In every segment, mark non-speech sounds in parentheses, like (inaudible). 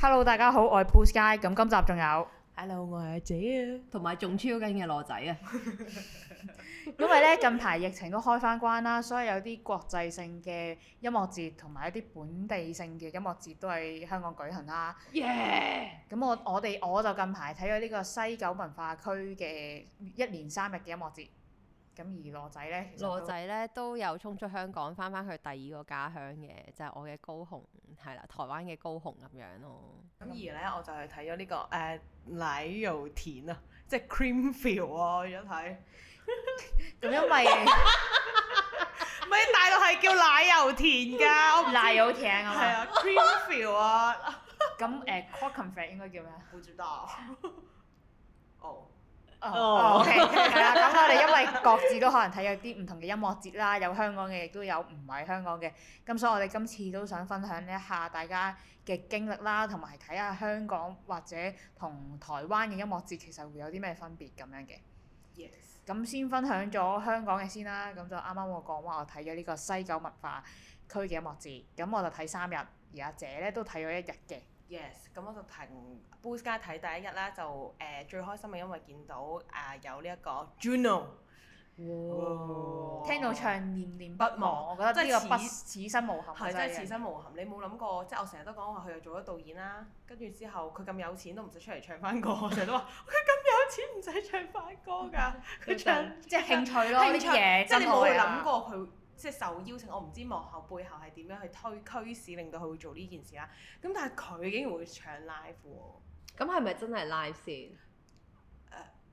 Hello，大家好，我係 Push Guy。咁今集仲有，Hello，我係阿姐啊，同埋仲超緊嘅羅仔啊。 (laughs) (laughs) 因為咧近排疫情都開返關啦，所以有啲國際性嘅音樂節，同埋一啲本地性嘅音樂節都喺香港舉行啦。咁 Yeah! 我我哋我就近排睇咗呢個西九文化區嘅一連三日嘅音樂節。咁而羅仔咧，羅仔咧很都有衝出香港，翻翻去第二個家鄉嘅，就係、是、我嘅高雄，係啦，台灣嘅高雄咁樣咯。咁而咧，我就去睇咗呢個誒、呃、奶油田啊，即係 Creamfields 啊，去咗睇。咁因為咪 (laughs) (laughs) 大陸係叫奶油田㗎，我 (laughs) 奶油田是是 (laughs) 啊，係啊，Creamfields 啊。咁誒，Clockenflap 應該叫咩啊？不知道。哦，OK，係啦。。 (laughs) 咁我哋因為各自都可能睇有啲唔同嘅音樂節啦，有香港嘅，亦都有唔係香港嘅。咁所以，我哋今次都想分享一下大家嘅經歷啦，同埋睇下香港或者同台灣嘅音樂節其實會有啲咩分別咁樣嘅。Yes。咁先分享咗香港嘅先啦。咁就啱啱我講話，我睇咗呢個西九文化區嘅音樂節。咁我就睇三日，而阿姐咧都睇咗一日嘅。yes，咁我就停 Booska 睇第一日啦，就誒、呃、最開心嘅因為見到啊、呃、有呢、這、一個 Juno、哦哦、聽到唱念念不忘，But，我覺得呢個不此生無憾，係真係此生無憾。你冇諗過，即係我成日都講話佢又做咗導演啦，跟住之後佢咁有錢都唔使出嚟唱翻歌，成日都話佢咁有錢唔使唱翻歌㗎，佢唱，唱即係興趣咯，啲嘢即係你冇諗過佢。即係受邀請，我唔知幕後背後係點樣去推驅使，令到佢會做呢件事啦。咁但係佢竟然會唱 live 喎！咁係咪真係 live 先？誒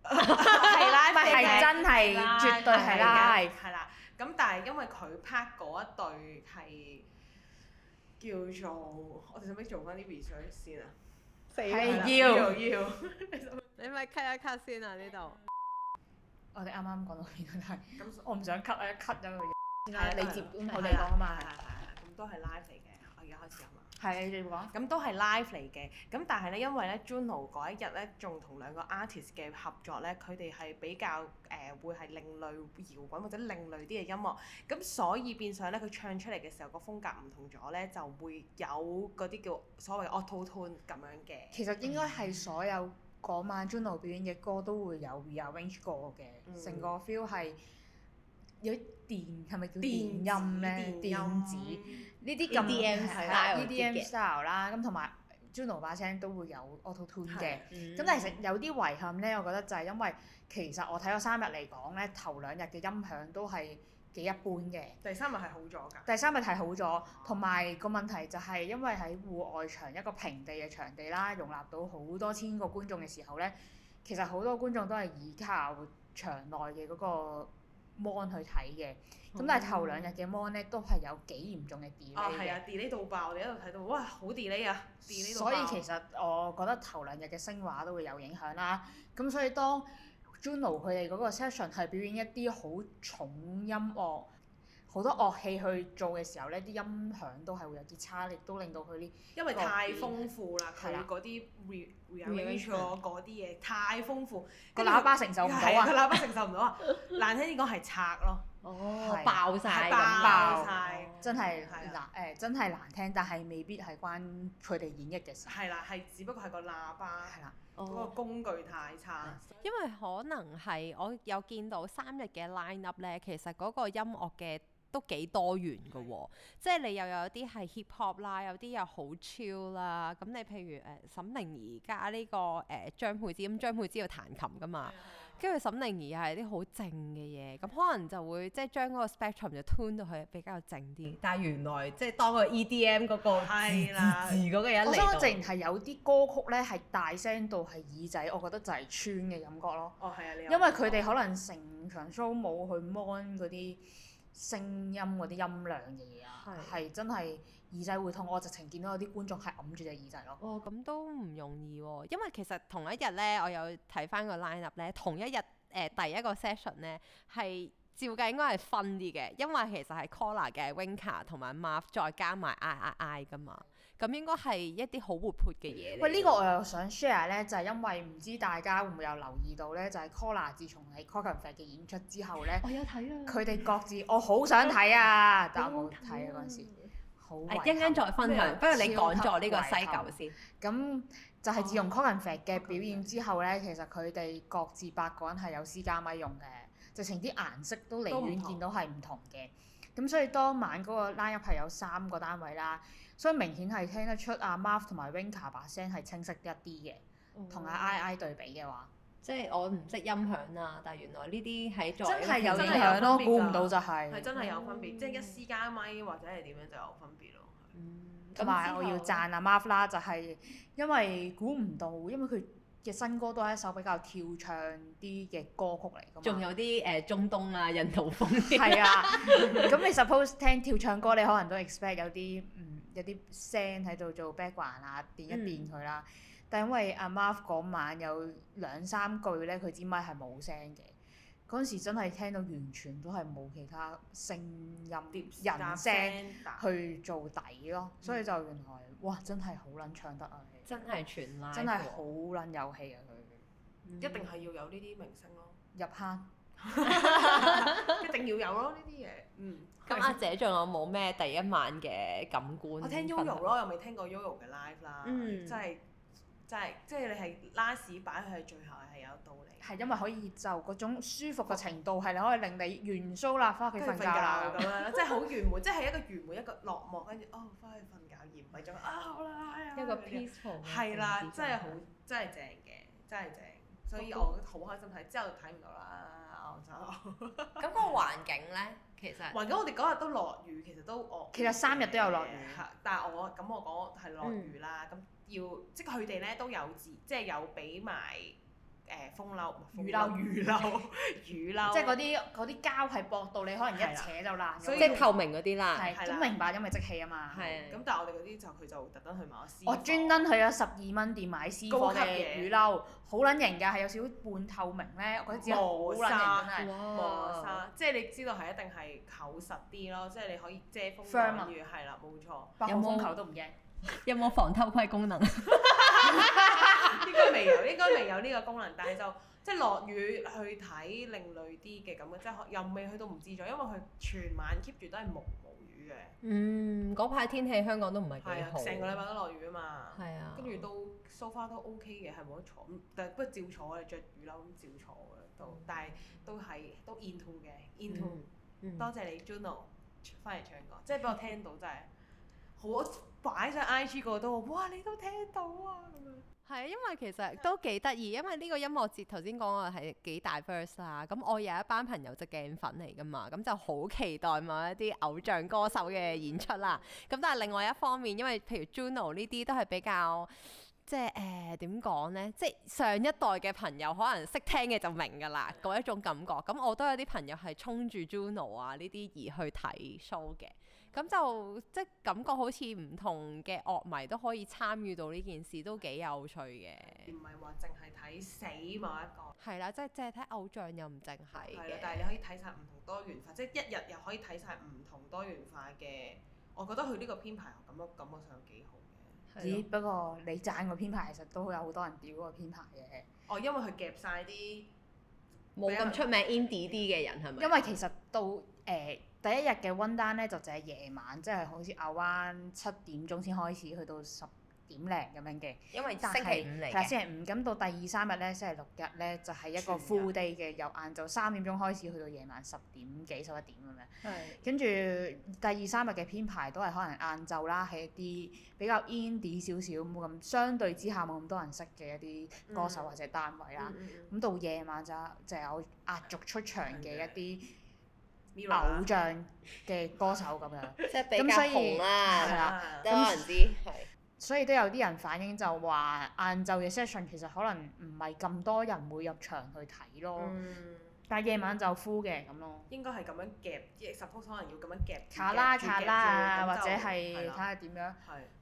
係 live 係真係絕對係啦。live 係啦。咁但係因為佢拍嗰一對係叫做我哋使唔使做翻啲 research 先啊？係要要你咪係 cut 一 cut 先啊？呢度我哋啱啱講到邊啊？咁我唔想 cut 啊！cut 咗個係啊，你接我哋講啊嘛，咁都係 live 嚟嘅，我而家開始嘛？係你哋講。咁都係 live 嚟嘅，咁但係咧，因為咧 Juno 嗰一日咧，仲同兩個 artist 嘅合作咧，佢哋係比較誒會係另類搖滾或者另類啲嘅音樂，咁所以變相咧，佢唱出嚟嘅時候個風格唔同咗咧，就會有嗰啲叫所謂 auto tune 咁樣嘅。其實應該係所有嗰晚 Juno 表演嘅歌都會有 rearrange 過嘅，成個 feel 係。有啲電係咪叫電音咧？電子呢啲咁係啦，EDM style 啦的，咁同埋 Juno 把聲都會有 Auto Tune 嘅。咁、但係、其實有啲遺憾咧，我覺得就係因為其實我睇咗三日嚟講咧，頭兩日嘅音響都係幾一般嘅。第三日係好咗㗎。第三日係好咗，同埋個問題就係因為喺戶外場一個平地嘅場地啦，容納到好多千個觀眾嘅時候咧，其實好多觀眾都係倚靠場內嘅嗰、嗰個。mon 去睇嘅，咁但係頭兩日嘅 mon 咧都係有幾嚴重嘅 delay 嘅。啊，係啊，delay 到爆！我哋一路睇到，哇，好 delay 啊，delay 到爆，所以其實我覺得頭兩日嘅聲畫都會有影響啦。咁所以當 Juno 佢哋嗰個 session 係表演一啲好重音樂。好多樂器去做嘅時候咧，啲音響都係會有啲差，亦都令到佢啲因為太豐富啦，佢嗰啲 r 嗰啲嘢太豐富，個喇叭承受唔到啊！個喇叭承受唔到啊！難聽啲講係拆咯，哦，爆晒，爆晒，真係難誒，真係難聽，但係未必係關佢哋演繹嘅事。係啦，係，只不過係個喇叭係啦，嗰個工具太差。因為可能係我有見到三日嘅 lineup 咧，其實嗰個音樂嘅。都幾多元㗎喎、哦！即係你又有啲係 hip hop 啦，有啲又好 chill 啦。咁你譬如誒、呃、沈靈宜家呢個誒、呃、張佩芝，咁張佩芝要彈琴㗎嘛？跟住、嗯、沈靈宜又係啲好靜嘅嘢，咁、嗯、可能就會即係將嗰個 spectrum 就 tune 到去比較靜啲。但係原來即係當 ED 個 EDM 嗰個字嗰個人嚟到，我想係有啲歌曲咧係大聲到係耳仔，我覺得就係穿嘅感覺咯。哦，係啊，你有有因為佢哋可能成場 show 冇去 mon 嗰啲。聲音嗰啲音量嘅嘢啊，係是真係耳仔會痛，我直情見到有啲觀眾係揞住隻耳仔咯。哦，咁都唔容易喎、啊，因為其實同一日咧，我有睇翻個 lineup 咧，同一日誒、呃、第一個 session 咧係照計應該係 fun 啲嘅，因為其實係 Collar 嘅 Winka 同埋 Marf 再加埋 I I I 㗎嘛。咁應該係一啲好活潑嘅嘢。喂，呢、這個我又想 share 咧，就係、是、因為唔知大家會唔會有留意到咧，就係、是、Collar 自從喺 Clockenflap 嘅演出之後咧，我有睇佢哋各自，我、哦、好想睇啊，啊但我冇睇嗰陣時。好遺憾。一啲超級遺憾。一陣間再分享，嗯、不如你講咗呢個西九先。咁就係、是、自從 Clockenflap 嘅表演之後咧，其實佢哋各自八個人係有私家咪用嘅，直情啲顏色都離遠都見到係唔同嘅。咁所以當晚嗰個 lineup 係有三個單位啦。所以明顯係聽得出阿 Math 同埋 Rinka 把聲係清晰一啲嘅，同阿 II 對比嘅話，即係我唔識音響啦，但原來呢啲係真係有影響咯，估唔到就係係真係有分別，即係一私家咪，或者係點樣就有分別咯。同埋我要讚阿 Math 啦，就係因為估唔到，因為佢嘅新歌都係一首比較跳唱啲嘅歌曲嚟嘅嘛，仲有啲誒中東啊、印度風，係啊，咁你 suppose 聽跳唱歌，你可能都 expect 有啲有啲聲喺度做 background 啦，變一變佢啦。嗯、但因為阿 Marv 嗰晚有兩三句咧，佢支咪係冇聲嘅。嗰陣時真係聽到完全都係冇其他聲音、啲人聲去做底咯。嗯、所以就原來哇，真係好撚唱得啊！真係全 live，真係好撚有氣啊！佢、嗯、一定係要有呢啲明星咯，入坑。一定要有咯呢啲嘢。嗯。咁阿姐仲有冇咩第一晚嘅感官？我聽 Yoyo 咯，又未聽過 Yoyo 嘅 live 啦。嗯。真係真係，即係你係拉屎擺喺最後係有道理。係因為可以就嗰種舒服嘅程度，係你可以令你完 show 啦，翻屋企瞓覺啦咁樣即係好圓滿，即係一個圓滿一個落幕，跟住哦翻去瞓覺，而唔係咗。啊好啦拉啊。一個 peaceful。係啦，真係好真係正嘅，真係正。所以我好開心睇，之後睇唔到啦。廣州，咁、哦、 (laughs) 個環境咧，其實環境我哋嗰日都落雨，其實都我其實三日都有落雨，但係我咁我講係落雨啦，咁、嗯、要即係佢哋咧都有自即係有俾埋。誒風褸、雨褸、雨褸、雨褸，即係嗰啲啲膠係薄到你可能一扯就爛，即係透明嗰啲啦，透明白，因為即棄啊嘛。咁但係我哋嗰啲就佢就特登去買私。我專登去咗十二蚊店買私房嘅雨褸，好撚型㗎，係有少半透明咧。我覺得。好磨砂，磨砂，即係你知道係一定係厚實啲咯，即係你可以遮風擋雨，係啦，冇錯。有冇風球都唔驚？有冇防偷窺功能？ (laughs) 應該未有，應該未有呢個功能，但係就即係落雨去睇另類啲嘅咁嘅，即係又未去到唔知咗，因為佢全晚 keep 住都係毛毛雨嘅。嗯，嗰排天氣香港都唔係幾好，成、啊、個禮拜都落雨啊嘛。係啊，跟住都 so far 都 OK 嘅，係冇得坐，但不過照坐我哋着雨褸咁照，照坐嘅都，嗯、但係都係都 in tune 嘅 in tune、嗯。嗯、多謝你 Juno 翻嚟唱歌，嗯、即係俾我聽到真係。我擺上 IG 嗰度，哇！你都聽到啊咁樣。係啊，因為其實都幾得意，因為呢個音樂節頭先講話係幾大 diverse 啦。咁我有一班朋友就鏡粉嚟㗎嘛，咁就好期待某一啲偶像歌手嘅演出啦。咁但係另外一方面，因為譬如 Juno 呢啲都係比較即係誒點講呢？即係上一代嘅朋友可能識聽嘅就明㗎啦，嗰一種感覺。咁我都有啲朋友係衝住 Juno 啊呢啲而去睇 show 嘅。咁就即係感覺好似唔同嘅樂迷都可以參與到呢件事，都幾有趣嘅。唔係話淨係睇死某一個。係啦、嗯，即係淨係睇偶像又唔淨係。係啊，但係你可以睇晒唔同多元化，嗯、即係一日又可以睇晒唔同多元化嘅。我覺得佢呢個編排感，感覺感覺上幾好嘅。了咦？不過你讚個編排，其實都有好多人屌個編排嘅。哦，因為佢夾晒啲冇咁出名 indie 啲嘅人係咪？是是因為其實到誒。呃第一日嘅 one day 咧就淨係夜晚，即、就、係、是、好似 around 七點鐘先開始，去到十點零咁樣嘅。因為星期五嚟星期五，咁到第二三日咧，星期六日咧就係、是、一個 full day 嘅，有由晏晝三點鐘開始，去到夜晚十點幾十一點咁樣。跟住是第二三日嘅編排都係可能晏晝啦，係一啲比較 indie 少少，冇咁相對之下冇咁多人識嘅一啲歌手或者單位啦。咁、嗯嗯嗯、到夜晚就就有壓軸出場嘅一啲。嗯嗯偶像嘅歌手咁樣，咁 (laughs) 所以係啦， (laughs) 比較紅啦，多人啲，那 (laughs) 所以都有啲人反映就話，晏晝嘅 session 其實可能唔係咁多人會入場去睇咯。嗯但夜晚就敷嘅咁咯。應該係咁樣夾，support 可能要咁樣夾卡啦卡啦，或者係睇下點樣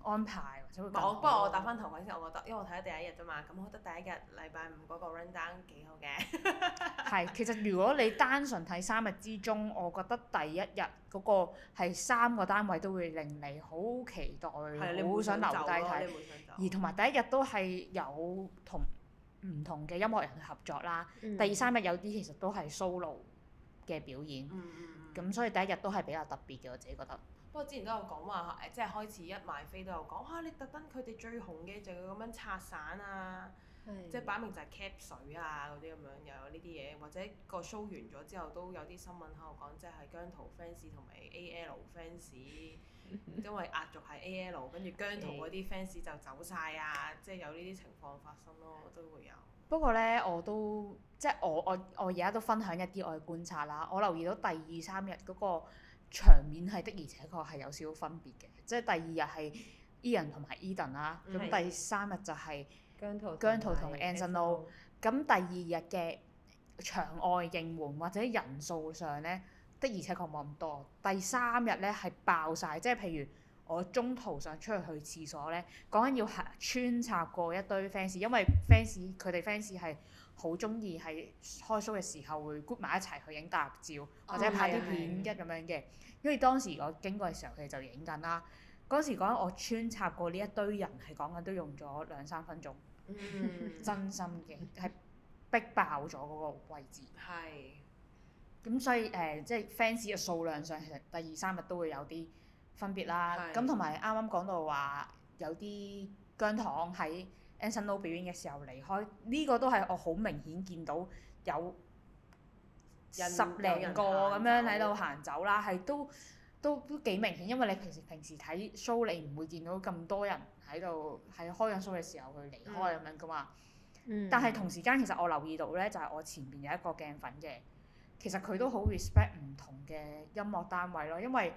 安排。不過我打翻頭位先，我覺得，因為我睇咗第一日啫嘛，咁我覺得第一日禮拜五嗰個 run down 幾好嘅。係，其實如果你單純睇三日之中，我覺得第一日嗰個係三個單位都會令你好期待，你好想留低睇，而同埋第一日都係有同。唔同嘅音樂人去合作啦，嗯、第二三日有啲其實都係 solo 嘅表演，咁、嗯、所以第一日都係比較特別嘅，我自己覺得。不過之前都有講話，即係開始一買飛都有講吓、啊，你特登佢哋最紅嘅就要咁樣拆散啊。 (music) 即係擺明就係 cap 水啊嗰啲咁樣，又有呢啲嘢，或者個 show 完咗之後都有啲新聞喺度講，即係姜濤 fans 同埋 AL fans， (laughs) 因為壓軸係 AL，跟住姜濤嗰啲 fans 就走晒啊，Okay. 即係有呢啲情況發生咯，都會有。不過呢，我都即係我我我而家都分享一啲我嘅觀察啦。我留意到第二三日嗰個場面係的而且確係有少少分別嘅，即係第二日係 Ian 同、啊、埋 Edan 啦，咁第三日就係、是。姜濤同 Anson Lo，咁第二日嘅場外應援或者人數上咧，的而且確冇咁多。第三日咧係爆晒，即係譬如我中途想出去去廁所咧，講緊要係穿插過一堆 fans，因為 fans 佢哋 fans 係好鍾意喺開 show 嘅時候會 group 埋一齊去影大合照，哦、或者拍啲片一咁樣嘅。是是是因為當時我經過嘅時候，佢哋就影緊啦。嗰時講緊我穿插過呢一堆人係講緊都用咗兩三分鐘。 (laughs) 真心嘅係逼爆咗嗰個位置。係是。咁所以誒、呃，即係 fans 嘅數量上，其實第二三日都會有啲分別啦。咁同埋啱啱講到話，有啲姜糖喺 Anson Lo 表演嘅時候離開，呢、這個都係我好明顯見到有十零個咁樣喺度行走啦，係都都都幾明顯，因為你平時平時睇 show 你唔會見到咁多人。喺度喺開緊 show 嘅時候佢離開咁樣噶嘛，嗯、但係同時間其實我留意到咧，就係我前邊有一個鏡粉嘅，其實佢都好 respect 唔同嘅音樂單位咯，因為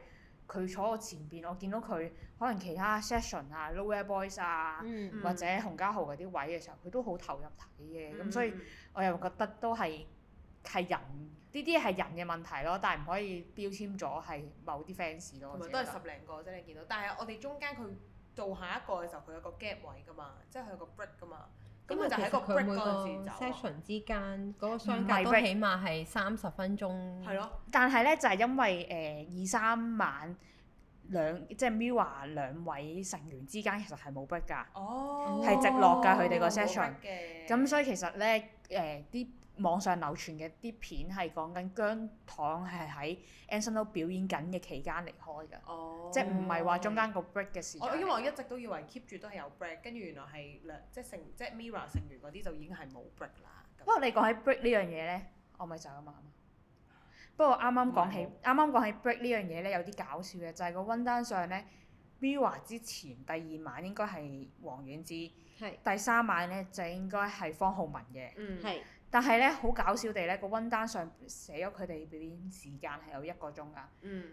佢坐我前邊，我見到佢可能其他 session 啊、lower boys 啊，嗯、或者洪嘉豪嗰啲位嘅時候，佢都好投入睇嘅，咁、嗯、所以我又覺得都係係人呢啲係人嘅問題咯，但係唔可以標籤咗係某啲 fans 咯。咪有都係十零個啫，你見到，但係我哋中間佢。做下一個嘅時候，佢有個 gap 位噶嘛，即係佢有個 break 噶嘛，咁佢因為 就喺個 break 嗰陣時就 session 之間，嗰個相隔都起碼係三十分鐘。係咯的。但係咧，就係、是、因為誒二三晚兩即係 Mira 兩位成員之間其實係冇 break 㗎，係、oh, 直落㗎佢哋個 session。咁所以其實咧誒啲。呃網上流傳嘅啲片係講緊姜糖係喺 Anson 都表演緊嘅期間離開㗎，oh, 即係唔係話中間個 break 嘅事。我、oh, 因為我一直都以為 keep 住都係有 break，跟住原來係兩即係成即係 Mirror 成員嗰啲就已經係冇 break 啦。嗯、樣不過你講起 break 呢樣嘢咧，我咪就係咁啊！不過啱啱講起啱啱講起 break 呢樣嘢咧，有啲搞笑嘅，就係、是、個 one dance 上咧，Mirror 之前第二晚應該係王菀之，是第三晚咧就應該係方皓玟嘅。嗯，係。但係咧，好搞笑地咧，個 one 單上寫咗佢哋表演時間係有一個鐘噶。嗯。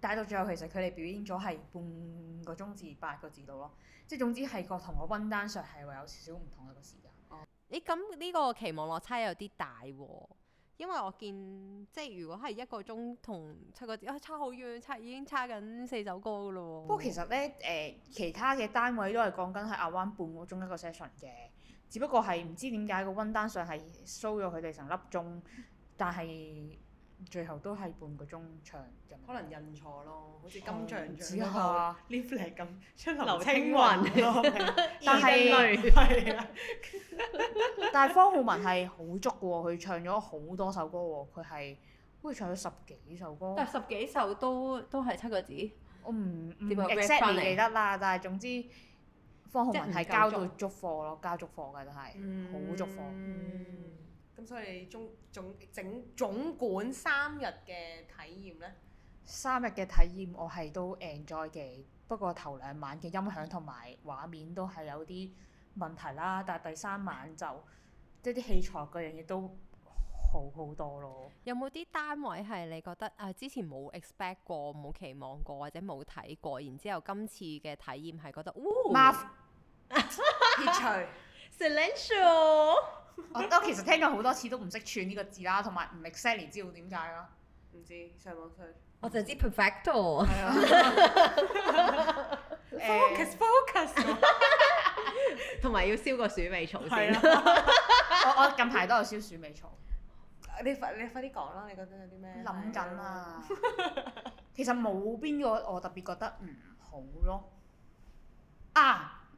但係到最後，其實佢哋表演咗係半個鐘至八個字到咯。即係總之係個同個 one 單上會有少少唔同一個時間。哦、嗯。你咁呢個期望落差有啲大喎、啊。因為我見即係如果係一個鐘同七個字啊，差好遠，差已經差緊四首歌噶咯喎。不過其實咧，誒、呃、其他嘅單位都係講緊係亞灣半個鐘一個 session 嘅。只不過係唔知點解個温單上係 show 咗佢哋成粒鐘，但係最後都係半個鐘唱。可能印錯咯，好似金像獎、哦、Lift 嚟咁出劉青雲，但係，但係方浩文係好足嘅喎，佢唱咗好多首歌喎，佢係好似唱咗十幾首歌。但十幾首都都係七個字，我唔唔 exactly 記得啦，但係總之。即係交到足貨咯，交足貨嘅都係好足貨。咁、嗯、所以總總整總管三日嘅體驗呢，三日嘅體驗我係都 enjoy 嘅。不過頭兩晚嘅音響同埋畫面都係有啲問題啦，但係第三晚就即係啲器材嗰樣嘢都好好多咯。有冇啲單位係你覺得啊、呃？之前冇 expect 過、冇期望過或者冇睇過，然後之後今次嘅體驗係覺得哇！呃 (laughs) 撇除 silential，我我其實聽咗好多次都唔識串呢個字啦，同埋唔 exactly 知道點解咯。唔知上網去。我就知 perfecto。focus focus。同埋要燒個鼠尾草先。是啊、 (laughs) (laughs) 我我近排都有燒鼠尾草。你快你快啲講啦！你覺得有啲咩？諗緊啊。 (laughs) 其實冇邊個我特別覺得唔好咯。啊！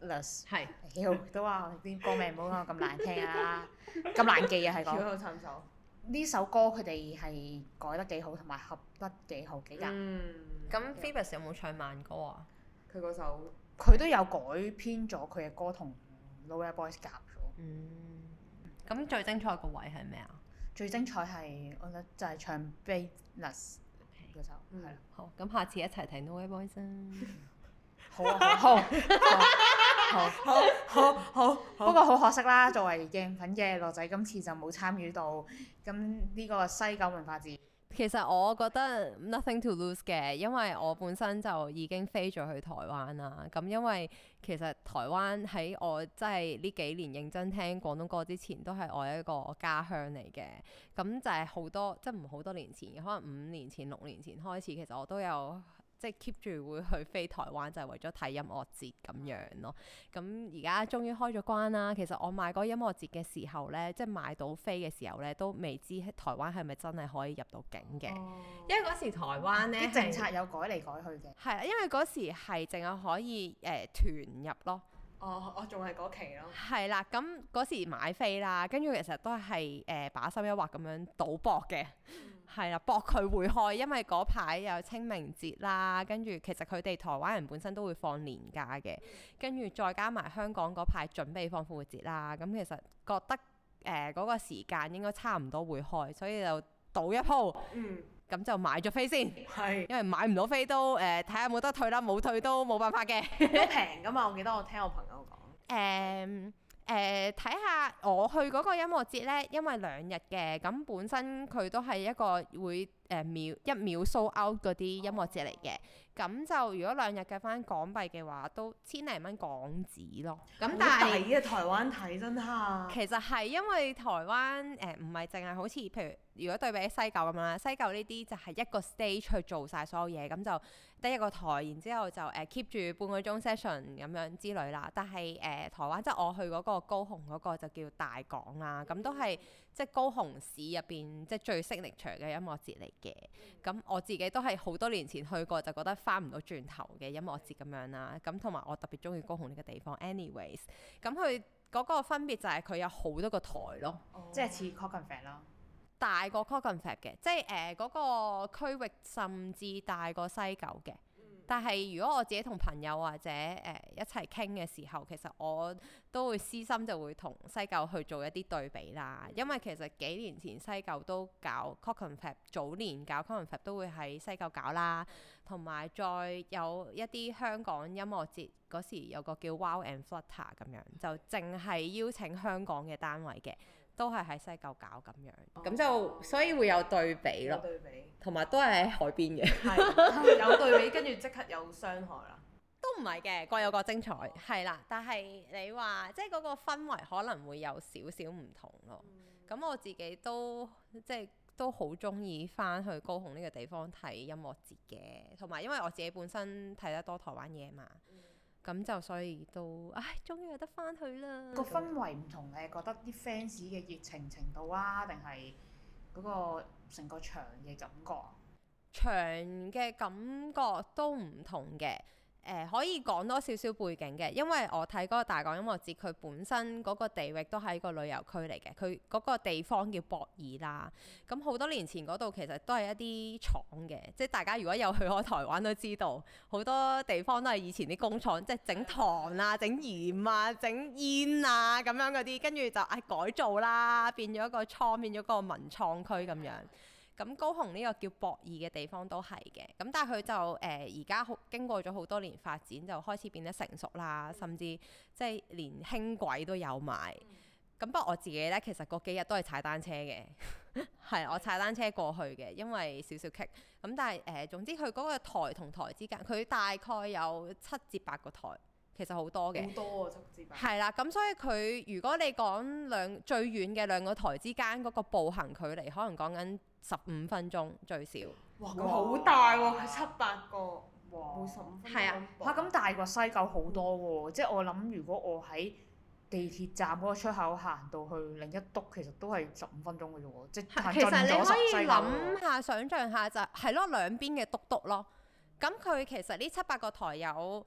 係，妖都話我啲歌名唔好講咁難聽啊，咁難記啊係講。超級襯手。呢首歌佢哋係改得幾好，同埋合得幾好，幾夾。嗯。咁 Phoebus 有冇唱慢歌啊？佢嗰首，佢都有改編咗佢嘅歌同《Nowhere Boys》夾咗。嗯。咁最精彩個位係咩啊？最精彩係我覺得就係唱《Bless》嗰首。嗯，係。好，咁下次一齊睇《Nowhere Boys》先。好啊，好。好好好，好好好 (laughs) 不過好可惜啦。作為鏡粉嘅樂仔，今次就冇參與到。咁呢個西九文化節，其實我覺得 nothing to lose 嘅，因為我本身就已經飛咗去台灣啦。咁因為其實台灣喺我即係呢幾年認真聽廣東歌之前，都係我一個家鄉嚟嘅。咁就係好多即係唔好多年前，可能五年前、六年前開始，其實我都有。即係 keep 住會去飛台灣，就係、是、為咗睇音樂節咁樣咯。咁而家終於開咗關啦。其實我買嗰音樂節嘅時候咧，即係買到飛嘅時候咧，都未知台灣係咪真係可以入到境嘅。哦、因為嗰時台灣咧政策有改嚟改去嘅。係啊，因為嗰時係淨係可以誒、呃、團入咯。哦，我仲係嗰期咯。係啦，咁嗰時買飛啦，跟住其實都係誒、呃、把心一劃咁樣賭博嘅。 (laughs) 係啦，搏佢會開，因為嗰排有清明節啦，跟住其實佢哋台灣人本身都會放年假嘅，跟住再加埋香港嗰排準備放復活節啦，咁、嗯、其實覺得誒嗰、呃那個時間應該差唔多會開，所以就賭一鋪，咁、嗯、就買咗飛先，係是，因為買唔到飛都誒睇下冇得退啦，冇退都冇辦法嘅， (laughs) 都平噶嘛，我記得我聽我朋友講，誒。Um, 誒睇下我去嗰個音樂節呢，因為兩日嘅，咁本身佢都係一個會誒秒一秒 sold out 嗰啲音樂節嚟嘅，咁就如果兩日計翻港幣嘅話，都千零蚊港紙咯。咁但係、啊、台灣睇真下，其實係因為台灣誒唔係淨係好似譬如如果對比西九咁樣啦，西九呢啲就係一個 stage 去做晒所有嘢，咁就。得一個台，然之後就誒、uh, keep 住半個鐘 session 咁樣之類啦。但係誒、uh, 台灣，即係我去嗰個高雄嗰個就叫大港啦。咁、嗯、都係即係高雄市入邊即係最適力場嘅音樂節嚟嘅。咁、嗯、我自己都係好多年前去過，就覺得翻唔到轉頭嘅音樂節咁樣啦。咁同埋我特別中意高雄呢個地方。Anyways，咁佢嗰個分別就係佢有好多個台咯，嗯、即係似 Clockenflap 咯。大過 Clockenflap 嘅，即係誒嗰個區域，甚至大過西九嘅。但係如果我自己同朋友或者誒、呃、一齊傾嘅時候，其實我都會私心就會同西九去做一啲對比啦。因為其實幾年前西九都搞 Clockenflap，早年搞 Clockenflap 都會喺西九搞啦。同埋再有一啲香港音樂節嗰時有個叫 Wow and Flutter 咁樣，就淨係邀請香港嘅單位嘅。都係喺西九搞咁樣，咁、哦、就所以會有對比咯，同埋都係喺海邊嘅。係有對比，跟住即刻有傷害啦。都唔係嘅，各有各精彩，係啦、哦。但係你話即係嗰個氛圍可能會有少少唔同咯。咁、嗯、我自己都即係、即係、都好中意返去高雄呢個地方睇音樂節嘅，同埋因為我自己本身睇得多台灣嘢嘛。咁就所以都，唉，終於有得返去啦！個氛圍唔同，你係覺得啲 fans 嘅熱情程度啊，定係嗰個成個場嘅感覺啊？場嘅感覺都唔同嘅。誒、呃、可以講多少少背景嘅，因為我睇嗰個大港音樂節，佢本身嗰個地域都係一個旅遊區嚟嘅。佢嗰個地方叫博爾啦，咁、嗯、好多年前嗰度其實都係一啲廠嘅，即係大家如果有去過台灣都知道，好多地方都係以前啲工廠，即係整糖啊、整鹽啊、整煙啊咁樣嗰啲，跟住就唉、哎、改造啦，變咗個創，變咗個文創區咁樣。咁高雄呢個叫駁二嘅地方都係嘅，咁但係佢就誒而家好經過咗好多年發展，就開始變得成熟啦，嗯、甚至即係連輕軌都有埋。咁、嗯、不過我自己咧，其實嗰幾日都係踩單車嘅，係 (laughs) 我踩單車過去嘅，因為少少棘。咁但係誒、呃，總之佢嗰個台同台之間，佢大概有七至八個台，其實好多嘅。好多七至八。係啦，咁所以佢如果你講兩最遠嘅兩個台之間嗰、嗰個步行距離，可能講緊。十五分鐘最少。哇，佢好哇大喎、啊，佢七八個。哇，每十五分鐘。係啊。嚇，咁大過西九好多喎、啊，嗯、即係我諗，如果我喺地鐵站嗰個出口行到去另一篤，其實都係十五分鐘嘅啫喎，即其實你可以諗下、想像下就係、是、咯、就是、兩邊嘅篤篤咯。咁佢其實呢七八個台有。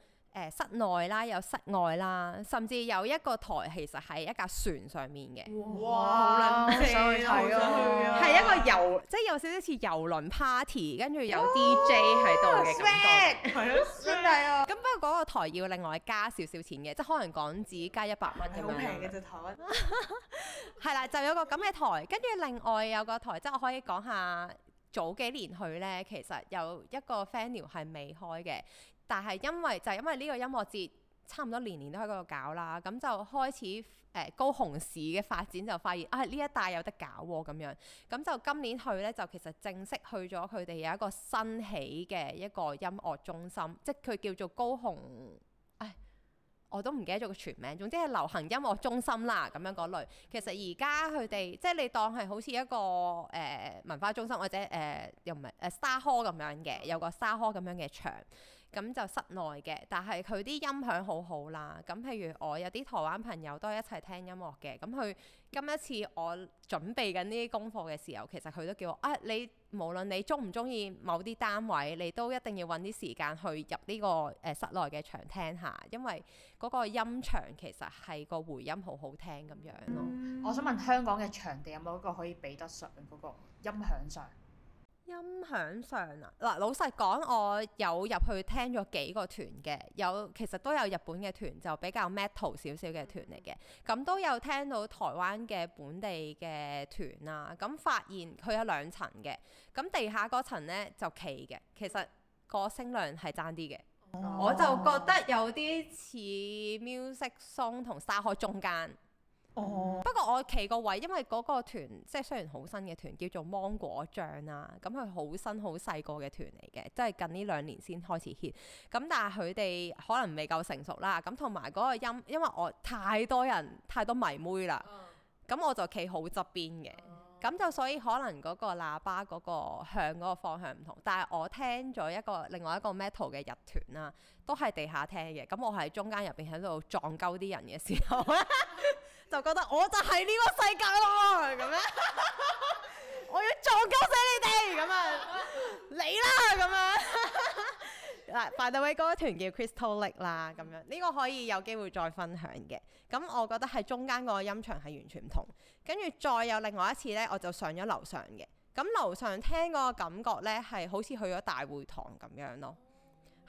誒，室內啦，有室外啦，甚至有一個台，其實喺一架船上面嘅。哇！好撚靚，想 (laughs) 去睇啊！係一個遊， (laughs) 即係有少少似遊輪 party，跟住有 DJ 喺度嘅感覺。係啊、哦，真係啊！咁不過嗰個台要另外加少少，少錢嘅，即係可能港紙加一百蚊咁樣。好平嘅隻台。係啦，就有個咁嘅台，跟住另外有個台，即係我可以講下早幾年去呢，其實有一個 venue 係未開嘅。但係因為就是、因為呢個音樂節差唔多年年都喺嗰度搞啦，咁、嗯、就開始誒、呃、高雄市嘅發展就發現啊，呢一帶有得搞喎、啊、咁樣。咁、嗯、就今年去咧，就其實正式去咗佢哋有一個新起嘅一個音樂中心，即係佢叫做高雄，唉、哎，我都唔記得咗個全名，總之係流行音樂中心啦咁樣嗰類。其實而家佢哋即係你當係好似一個誒、呃、文化中心或者誒、呃、又唔係誒 Star Hall 咁樣嘅，有個 Star Hall 咁樣嘅場。咁就室內嘅，但係佢啲音響好好啦。咁、嗯、譬如我有啲台灣朋友都係一齊聽音樂嘅。咁、嗯、佢今一次我準備緊呢啲功課嘅時候，其實佢都叫我啊，你無論你鍾唔鍾意某啲單位，你都一定要揾啲時間去入呢個誒室內嘅場聽下，因為嗰個音場其實係個回音好好聽咁樣咯、嗯。我想問香港嘅場地有冇一個可以比得上嗰個音響上？音響上啊，嗱老實講，我有入去聽咗幾個團嘅，有其實都有日本嘅團，就比較 metal 少少嘅團嚟嘅，咁、嗯嗯、都有聽到台灣嘅本地嘅團啦，咁、嗯、發現佢有兩層嘅，咁、嗯、地下嗰層呢就企嘅，其實個聲量係爭啲嘅，哦、我就覺得有啲似 music song 同沙海中間。Okay. 不過我企個位，因為嗰個團即係雖然好新嘅團，叫做芒果醬啦，咁佢好新好細個嘅團嚟嘅，即係近呢兩年先開始 hit 咁，但係佢哋可能未夠成熟啦，咁同埋嗰個音，因為我太多人太多迷妹啦，咁、oh. 我就企好側邊嘅，咁、啊嗯、就所以可能嗰個喇叭嗰個向嗰個方向唔同，但係我聽咗一個另外一個 metal 嘅日團啦，都係地下聽嘅，咁我喺中間入邊喺度撞鳩啲人嘅時候 (laughs) (laughs) 就覺得我就係呢個世界咯喎，咁樣 (laughs) 我要做鳩死你哋咁啊！你啦咁樣嗱，By the way，嗰個團叫 Crystal Lake 啦，咁樣呢個可以有機會再分享嘅。咁我覺得係中間嗰個音場係完全唔同，跟住再有另外一次呢，我就上咗樓上嘅。咁樓上聽嗰個感覺呢，係好似去咗大會堂咁樣咯。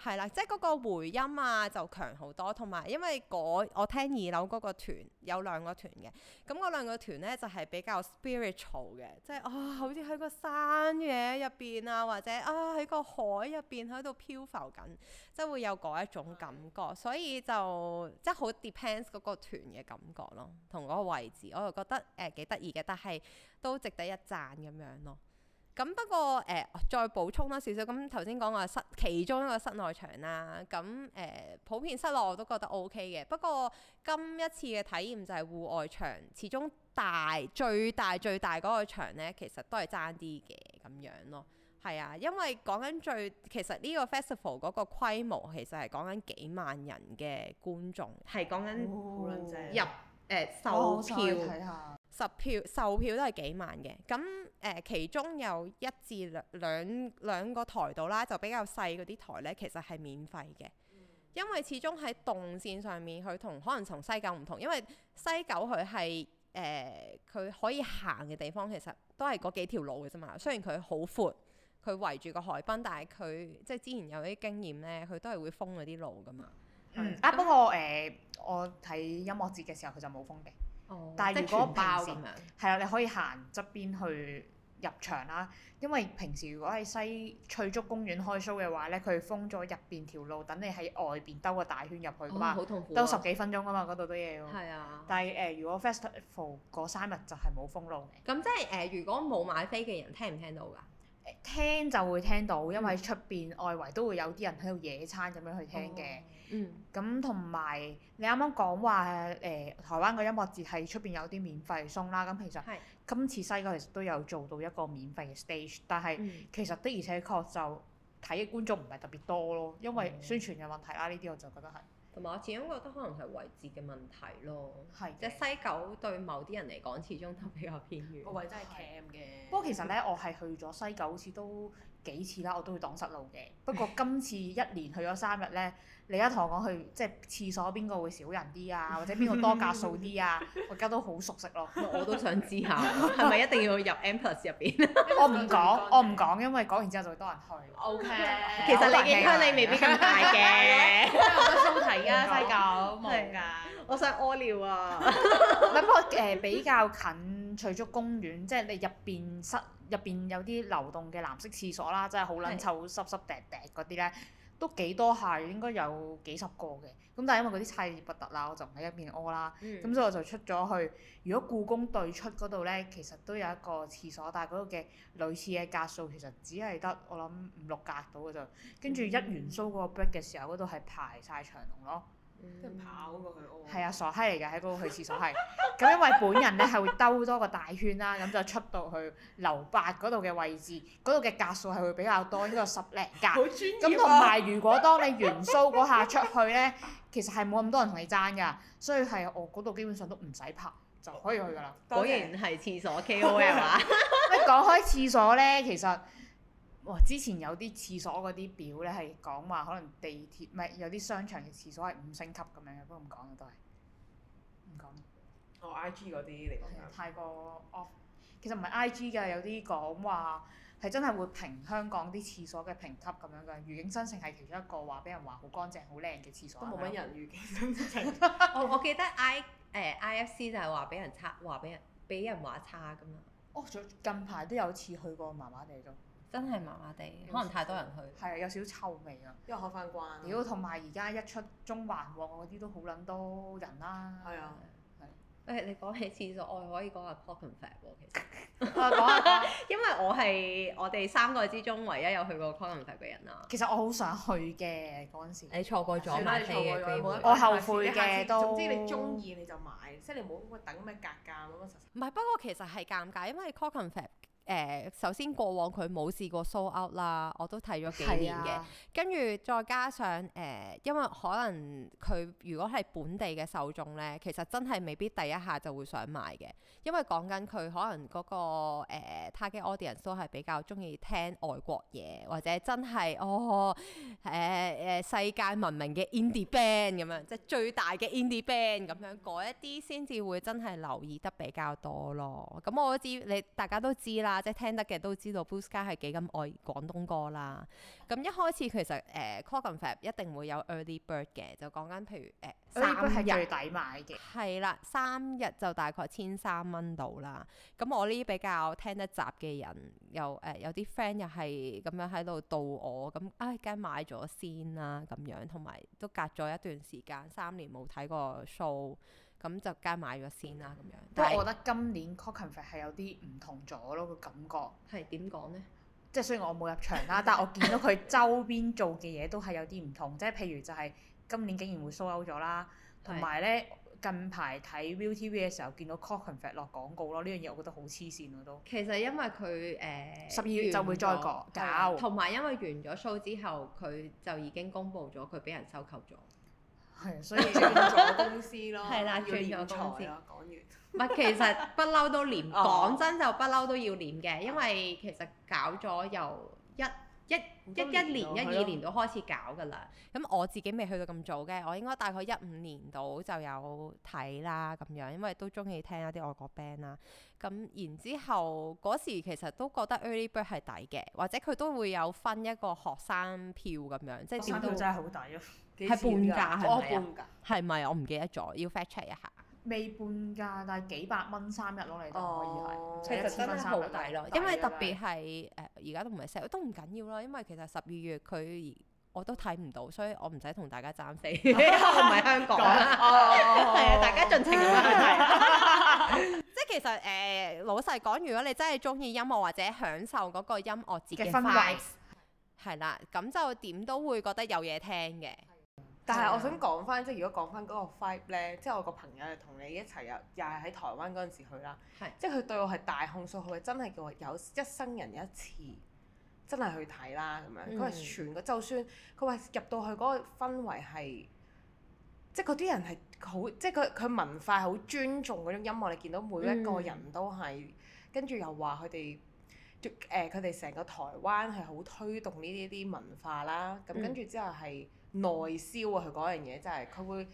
係啦，即係嗰個回音啊，就強好多，同埋因為我聽二樓嗰個團有兩個團嘅，咁嗰兩個團呢就係、是、比較 spiritual 嘅，即係啊、哦，好似喺個山嘅入邊啊，或者啊喺、哦、個海入邊喺度漂浮緊，即係會有嗰一種感覺，所以就即係好 depends 嗰個團嘅感覺咯，同嗰個位置，我就覺得誒幾得意嘅，但係都值得一讚咁樣咯。咁不過誒、呃，再補充啦少少。咁頭先講話室其中一個室內場啦，咁誒、呃、普遍室內我都覺得 O K 嘅。不過今一次嘅體驗就係戶外場，始終大最大最大嗰個場咧，其實都係爭啲嘅咁樣咯。係啊，因為講緊最其實呢個 festival 嗰個規模，其實係講緊幾萬人嘅觀眾，係講緊入誒售、哦呃、票。票售票都係幾萬嘅，咁誒、呃、其中有一至兩兩兩個台度啦，就比較細嗰啲台呢，其實係免費嘅，因為始終喺動線上面，佢同可能同西九唔同，因為西九佢係誒佢可以行嘅地方，其實都係嗰幾條路嘅啫嘛。雖然佢好闊，佢圍住個海濱，但係佢即係之前有啲經驗呢，佢都係會封嗰啲路㗎嘛。嗯、是啊，不過誒，我睇音樂節嘅時候，佢就冇封嘅。哦、但係如果平時係啦、啊，你可以行側邊去入場啦。因為平時如果喺西翠竹公園開 show 嘅話咧，佢封咗入邊條路，等你喺外邊兜個大圈入去嘅話，兜、哦、好痛苦啊、十幾分鐘啊嘛，嗰度都要。喎。啊，但係誒、呃，如果 festival 嗰三日就係冇封路嘅，咁即係誒，如果冇買飛嘅人聽唔聽到㗎、呃？聽就會聽到，因為出邊外，外圍都會有啲人喺度野餐咁樣去聽嘅。哦嗯，咁同埋你啱啱講話誒台灣個音樂節係出邊有啲免費送啦，咁其實的今次西九其實都有做到一個免費嘅 stage，但係其實的而且確就睇嘅觀眾唔係特別多咯，因為宣傳嘅問題啦、啊，呢啲、嗯、我就覺得係。同埋我始終覺得可能係位置嘅問題咯，的即係西九對某啲人嚟講始終都比較偏遠。個位真係 cam 嘅。不過的其實咧， (laughs) 我係去咗西九，好似都。幾次啦，我都會蕩失路嘅。不過今次一連去咗三日呢，你一同我講去即係廁所邊個會少人啲啊，或者邊個多格數啲啊，我而家都好熟悉咯。我都想知下，係咪一定要入 M+ 入邊？我唔講，我唔講，因為講完之後就會多人去。OK，其實你影響力未必咁大嘅，好多心提啊，西九我想屙尿啊，不過誒比較近，除咗公園，即係你入邊失。入邊有啲流動嘅藍色廁所啦，真係好撚臭，是濕濕嗒嗒嗰啲咧，都幾多下，應該有幾十個嘅。咁但係因為嗰啲太核突啦，我就唔喺入邊屙啦。咁、嗯、所以我就出咗去。如果故宮對出嗰度咧，其實都有一個廁所，但係嗰度嘅女廁嘅格數其實只係得我諗五六格到嘅就。跟住一元酥嗰個 break 嘅時候，嗰度係排晒長龍咯。跑過去屙。係、嗯、啊，傻閪嚟嘅喺嗰個去廁所係。咁 (laughs) 因為本人咧係會兜多個大圈啦，咁就出到去樓八嗰度嘅位置，嗰度嘅格數係會比較多，呢該十零格。咁同埋如果當你元 s 嗰下出去咧，其實係冇咁多人同你爭噶，所以係我嗰度基本上都唔使拍，就可以去㗎啦。果然係廁所 K.O. 係嘛 (laughs) 吧？乜講開廁所咧，其實～哇、哦！之前有啲廁所嗰啲表咧係講話，說說可能地鐵唔係有啲商場嘅廁所係五星級咁樣嘅，不過唔講嘅都係。唔講。哦，I G 嗰啲嚟㗎。太過 off，、哦、其實唔係 I G 嘅，有啲講話係真係會評香港啲廁所嘅評級咁樣嘅，愉景新城係其中一個話俾人話好乾淨、好靚嘅廁所。都冇乜人愉景新城。我、啊 (laughs) 哦、我記得 I 誒、呃、I F C 就係話俾人差，話俾人俾人話差㗎嘛。哦，仲近排都有次去過，麻麻地㗎。真係麻麻地，可能太多人去。係啊，有少少臭味啊，因為開翻關。如果同埋而家一出中環喎，嗰啲都好撚多人啦。係啊，係。誒，你講起廁所，我可以講下 Clockenflap 喎，其實。我講下，因為我係我哋三個之中唯一有去過 Clockenflap 嘅人啊。其實我好想去嘅嗰陣時。你錯過咗買我後悔嘅都。總之你中意你就買，即係你冇等咩格價。唔係，不過其實係尷尬，因為 Clockenflap。誒、呃，首先過往佢冇試過 sold out 啦，我都睇咗幾年嘅。是啊、跟住再加上誒、呃，因為可能佢如果係本地嘅受眾咧，其實真係未必第一下就會想買嘅。因為講緊佢可能嗰、那個、呃、target audience 都係比較中意聽外國嘢，或者真係哦誒誒、呃、世界聞名嘅 indie band 咁樣，即係最大嘅 indie band 咁樣嗰一啲先至會真係留意得比較多咯。咁、嗯、我知你大家都知啦。或者聽得嘅都知道，Blue Sky 係幾咁愛廣東歌啦。咁一開始其實誒 Clockenflap 一定會有 Early Bird 嘅，就講緊譬如誒、呃、Early Bird 三日最底買嘅，係啦，三日就大概千三蚊度啦。咁我呢啲比較聽得雜嘅人，又誒、呃、有啲 friend 又係咁樣喺度導我，咁唉，梗、啊、係買咗先啦咁樣。同埋都隔咗一段時間，三年冇睇過 show。咁就加買咗先啦，咁樣。不過我覺得今年 Clockenflap 係有啲唔同咗咯，個感覺係點講呢？即係雖然我冇入場啦， (laughs) 但係我見到佢周邊做嘅嘢都係有啲唔同，即係譬如就係今年竟然會 sold out 咗啦，同埋呢的近排睇 ViuTV 嘅時候見到 Clockenflap 落廣告咯，呢樣嘢我覺得好黐線咯都。其實因為佢誒十二月就會再、啊、搞，同埋因為完咗 show 之後，佢就已經公布咗佢俾人收購咗。係 (laughs) 所以要組公司咯。係 (laughs) 啦，要練個才啊！講完，唔係 (laughs) 其實不嬲都念，講、oh. 真就不嬲都要念嘅，因為其實搞咗由一、oh. 一一一年、一二年都開始搞噶啦。咁了我自己未去到咁早嘅，我應該大概一五年度就有睇啦咁樣，因為都中意聽一啲外國 band 啦。咁然之後嗰時其實都覺得 Early Bird 係抵嘅，或者佢都會有分一個學生票咁樣，即係學生票真係好抵啊！ (laughs) 係半價係咪？係咪？我唔記得咗，要 fact check 一下。未半價，但係幾百蚊三日攞嚟都可以係。其實真係好大咯，因為特別係誒，而家都唔係 set 都唔緊要啦。因為其實十二月佢我都睇唔到，所以我唔使同大家爭飛，唔係香港啦。係啊，大家盡情咁樣去睇。即係其實誒老實講，如果你真係中意音樂或者享受嗰個音樂節嘅氛圍，係啦，咁就點都會覺得有嘢聽嘅。但係我想講翻，即、就、係、是、如果講翻嗰個 five 咧，即、就、係、是、我個朋友又同你一齊又又係喺台灣嗰陣時去啦。即係佢對我係大控訴，佢真係叫我有一生人一次，真係去睇啦咁樣。佢話、嗯、全個，就算佢話入到去嗰個氛圍係，即係嗰啲人係好，即係佢佢文化好尊重嗰種音樂。你見到每一個人都係，嗯、跟住又話佢哋誒，佢哋成個台灣係好推動呢啲啲文化啦。咁跟住之後係。嗯內銷啊，佢嗰樣嘢真係，佢會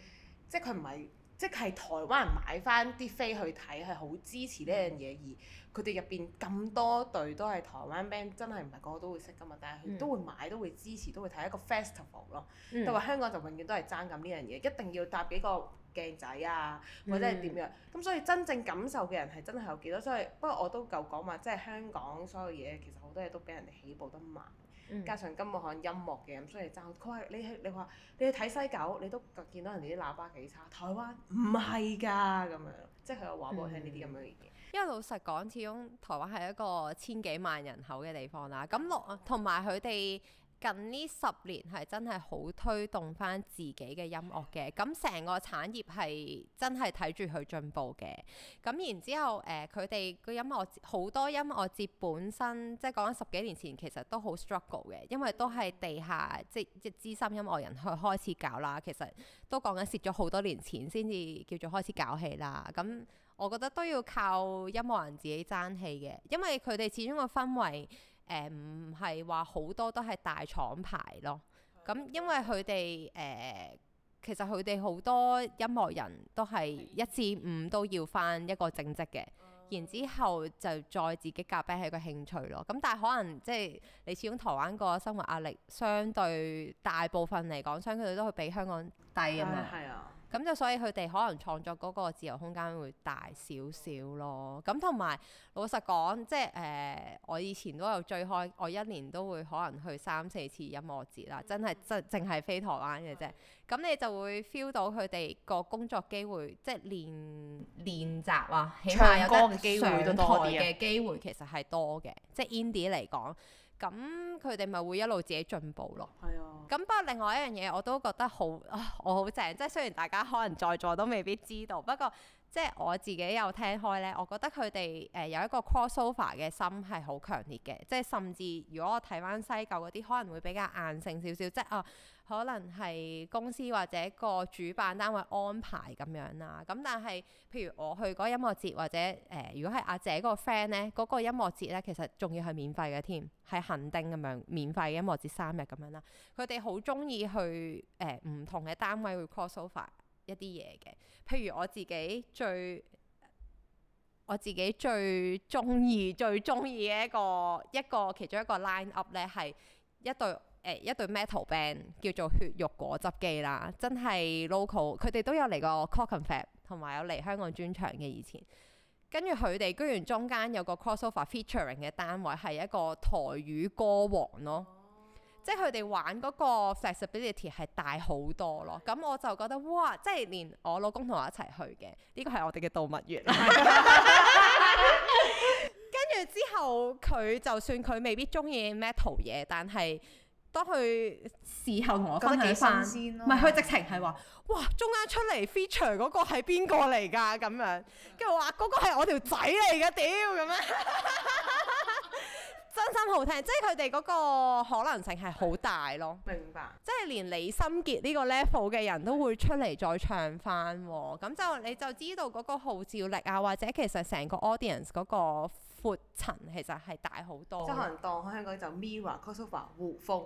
即係佢唔係即係台灣人買翻啲飛去睇係好支持呢樣嘢，嗯、而佢哋入邊咁多隊都係台灣 band，真係唔係個個都會識噶嘛，但係佢都會買、都會支持、都會睇一個 festival 咯。佢話、嗯、香港就永遠都係爭緊呢樣嘢，一定要搭幾個鏡仔啊，或者係點樣？咁、嗯、所以真正感受嘅人係真係有幾多？所以不過我都夠講話，即係香港所有嘢其實好多嘢都俾人哋起步得慢。嗯、加上今日可能音樂嘅咁，所以就佢話你係你話你，你去睇西九，你都見到人哋啲喇叭幾差，台灣唔係㗎，咁樣，即係佢又話俾我聽呢啲咁樣嘅嘢。因為老實講，始終台灣係一個千幾萬人口嘅地方啦，咁同埋佢哋。近呢十年係真係好推動翻自己嘅音樂嘅，咁成個產業係真係睇住佢進步嘅。咁然之後誒，佢哋個音樂節，好多音樂節本身即係講緊十幾年前其實都好 struggle 嘅，因為都係地下即即資深音樂人去開始搞啦。其實都講緊蝕咗好多年錢先至叫做開始搞起啦。咁我覺得都要靠音樂人自己爭氣嘅，因為佢哋始終個氛圍。誒唔係話好多都係大廠牌咯，咁、嗯嗯、因為佢哋誒其實佢哋好多音樂人都係一至五都要返一個正職嘅，嗯、然之後就再自己夾 band 係個興趣咯。咁、嗯、但係可能即係你始終台灣個生活壓力相對大部分嚟講，相對都係比香港低啊嘛。咁就所以佢哋可能創作嗰個自由空間會大少少咯。咁同埋老實講，即係誒、呃，我以前都有追開，我一年都會可能去三四次音樂節啦。真係即係淨係飛台灣嘅啫。咁你就會 feel 到佢哋個工作機會，即係練練習啊，起碼有得上台嘅機會其實係多嘅，即係 indie 嚟講。咁佢哋咪會一路自己進步咯。係咁。 (music) 不過另外一樣嘢，我都覺得好，我好正，即係雖然大家可能在座都未必知道，不過。即係我自己有聽開咧，我覺得佢哋誒有一個 crossover 嘅心係好強烈嘅，即係甚至如果我睇翻西九嗰啲可能會比較硬性少少，即係啊、哦、可能係公司或者個主辦單位安排咁樣啦。咁但係譬如我去嗰音樂節或者誒，如果係阿姐個 friend 咧，嗰個音樂節咧、呃那個、其實仲要係免費嘅添，係恆定咁樣免費嘅音樂節三日咁樣啦。佢哋好中意去誒唔、呃、同嘅單位去 crossover。一啲嘢嘅，譬如我自己最我自己最中意最中意嘅一個一個其中一個 line up 咧，係、欸、一隊誒一隊 metal band 叫做血肉果汁機啦，真係 local，佢哋都有嚟過 Clockenflap 同埋有嚟香港專場嘅以前，跟住佢哋居然中間有個 crossover featuring 嘅單位係一個台語歌王咯。即係佢哋玩嗰個 flexibility 係大好多咯，咁我就覺得哇！即係連我老公同我一齊去嘅，呢個係我哋嘅動物園。跟住 (laughs) (laughs) 之後佢就算佢未必中意 metal 嘢，但係當佢事後同我分享翻，唔係佢直情係話：哇！中間出嚟 feature 嗰個係邊個嚟㗎？咁樣跟住話嗰個係我條仔嚟㗎！屌咁樣！真心好聽，即係佢哋嗰個可能性係好大咯。明白，即係連李心潔呢個 level 嘅人都會出嚟再唱返喎，咁就你就知道嗰個號召力啊，或者其實成個 audience 嗰個闊層其實係大好多。即可能當香港就 Mirror 咪話，嗰種話胡風。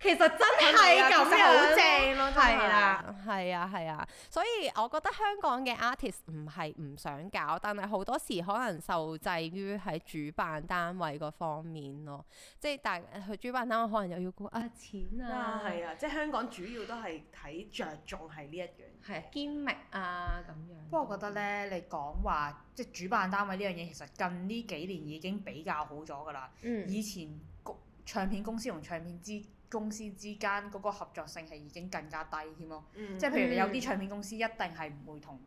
其實真係咁樣，好正咯！係啦，係啊，係啊，啊，所以我覺得香港嘅 artist 唔係唔想搞，但係好多時可能受制於喺主辦單位嗰方面咯。即係大佢主辦單位可能又要顧啊錢啊，係啊，啊，即係香港主要都係睇着重係呢一、啊啊、樣，係簽名啊咁樣。不過我覺得咧，你講話即係主辦單位呢樣嘢，其實近呢幾年已經比較好咗㗎啦。嗯、以前歌唱片公司同唱片之公司之間嗰個合作性係已經更加低添咯，即係、嗯、譬如你有啲唱片公司一定係唔會同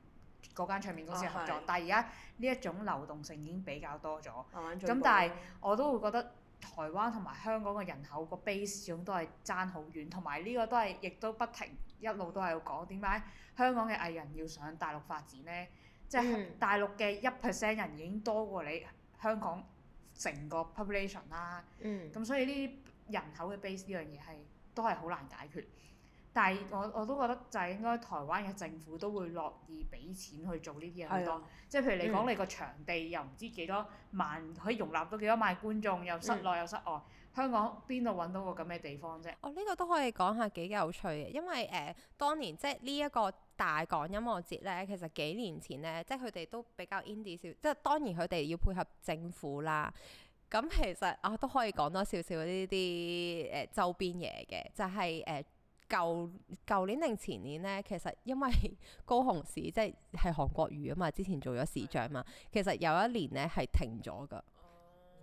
嗰間唱片公司合作，啊、但係而家呢一種流動性已經比較多咗，咁、啊、但係我都會覺得台灣同埋香港嘅人口個 base 始終都係爭好遠，同埋呢個都係亦都不停一路都係講點解香港嘅藝人要上大陸發展呢？即係、嗯、大陸嘅一 percent 人已經多過你香港成個 population 啦，咁、嗯、所以呢，人口嘅 base 呢樣嘢係都係好難解決，但係我我都覺得就係應該台灣嘅政府都會樂意俾錢去做呢啲嘢好多，即係的譬如你講、嗯、你個場地又唔知幾多萬可以容納到幾多萬觀眾，又室內又室外，嗯、香港邊度揾到個咁嘅地方啫？哦，呢、呢個都可以講下幾有趣嘅，因為誒、呃，當年即係呢一個大港音樂節咧，其實幾年前咧，即係佢哋都比較 indie 啲少，即係當然佢哋要配合政府啦。咁其實啊都可以講多少少呢啲誒周邊嘢嘅，就係誒舊舊年定前年呢？其實因為高雄市即係係韓國瑜啊嘛，之前做咗市長嘛，其實有一年呢，係停咗㗎。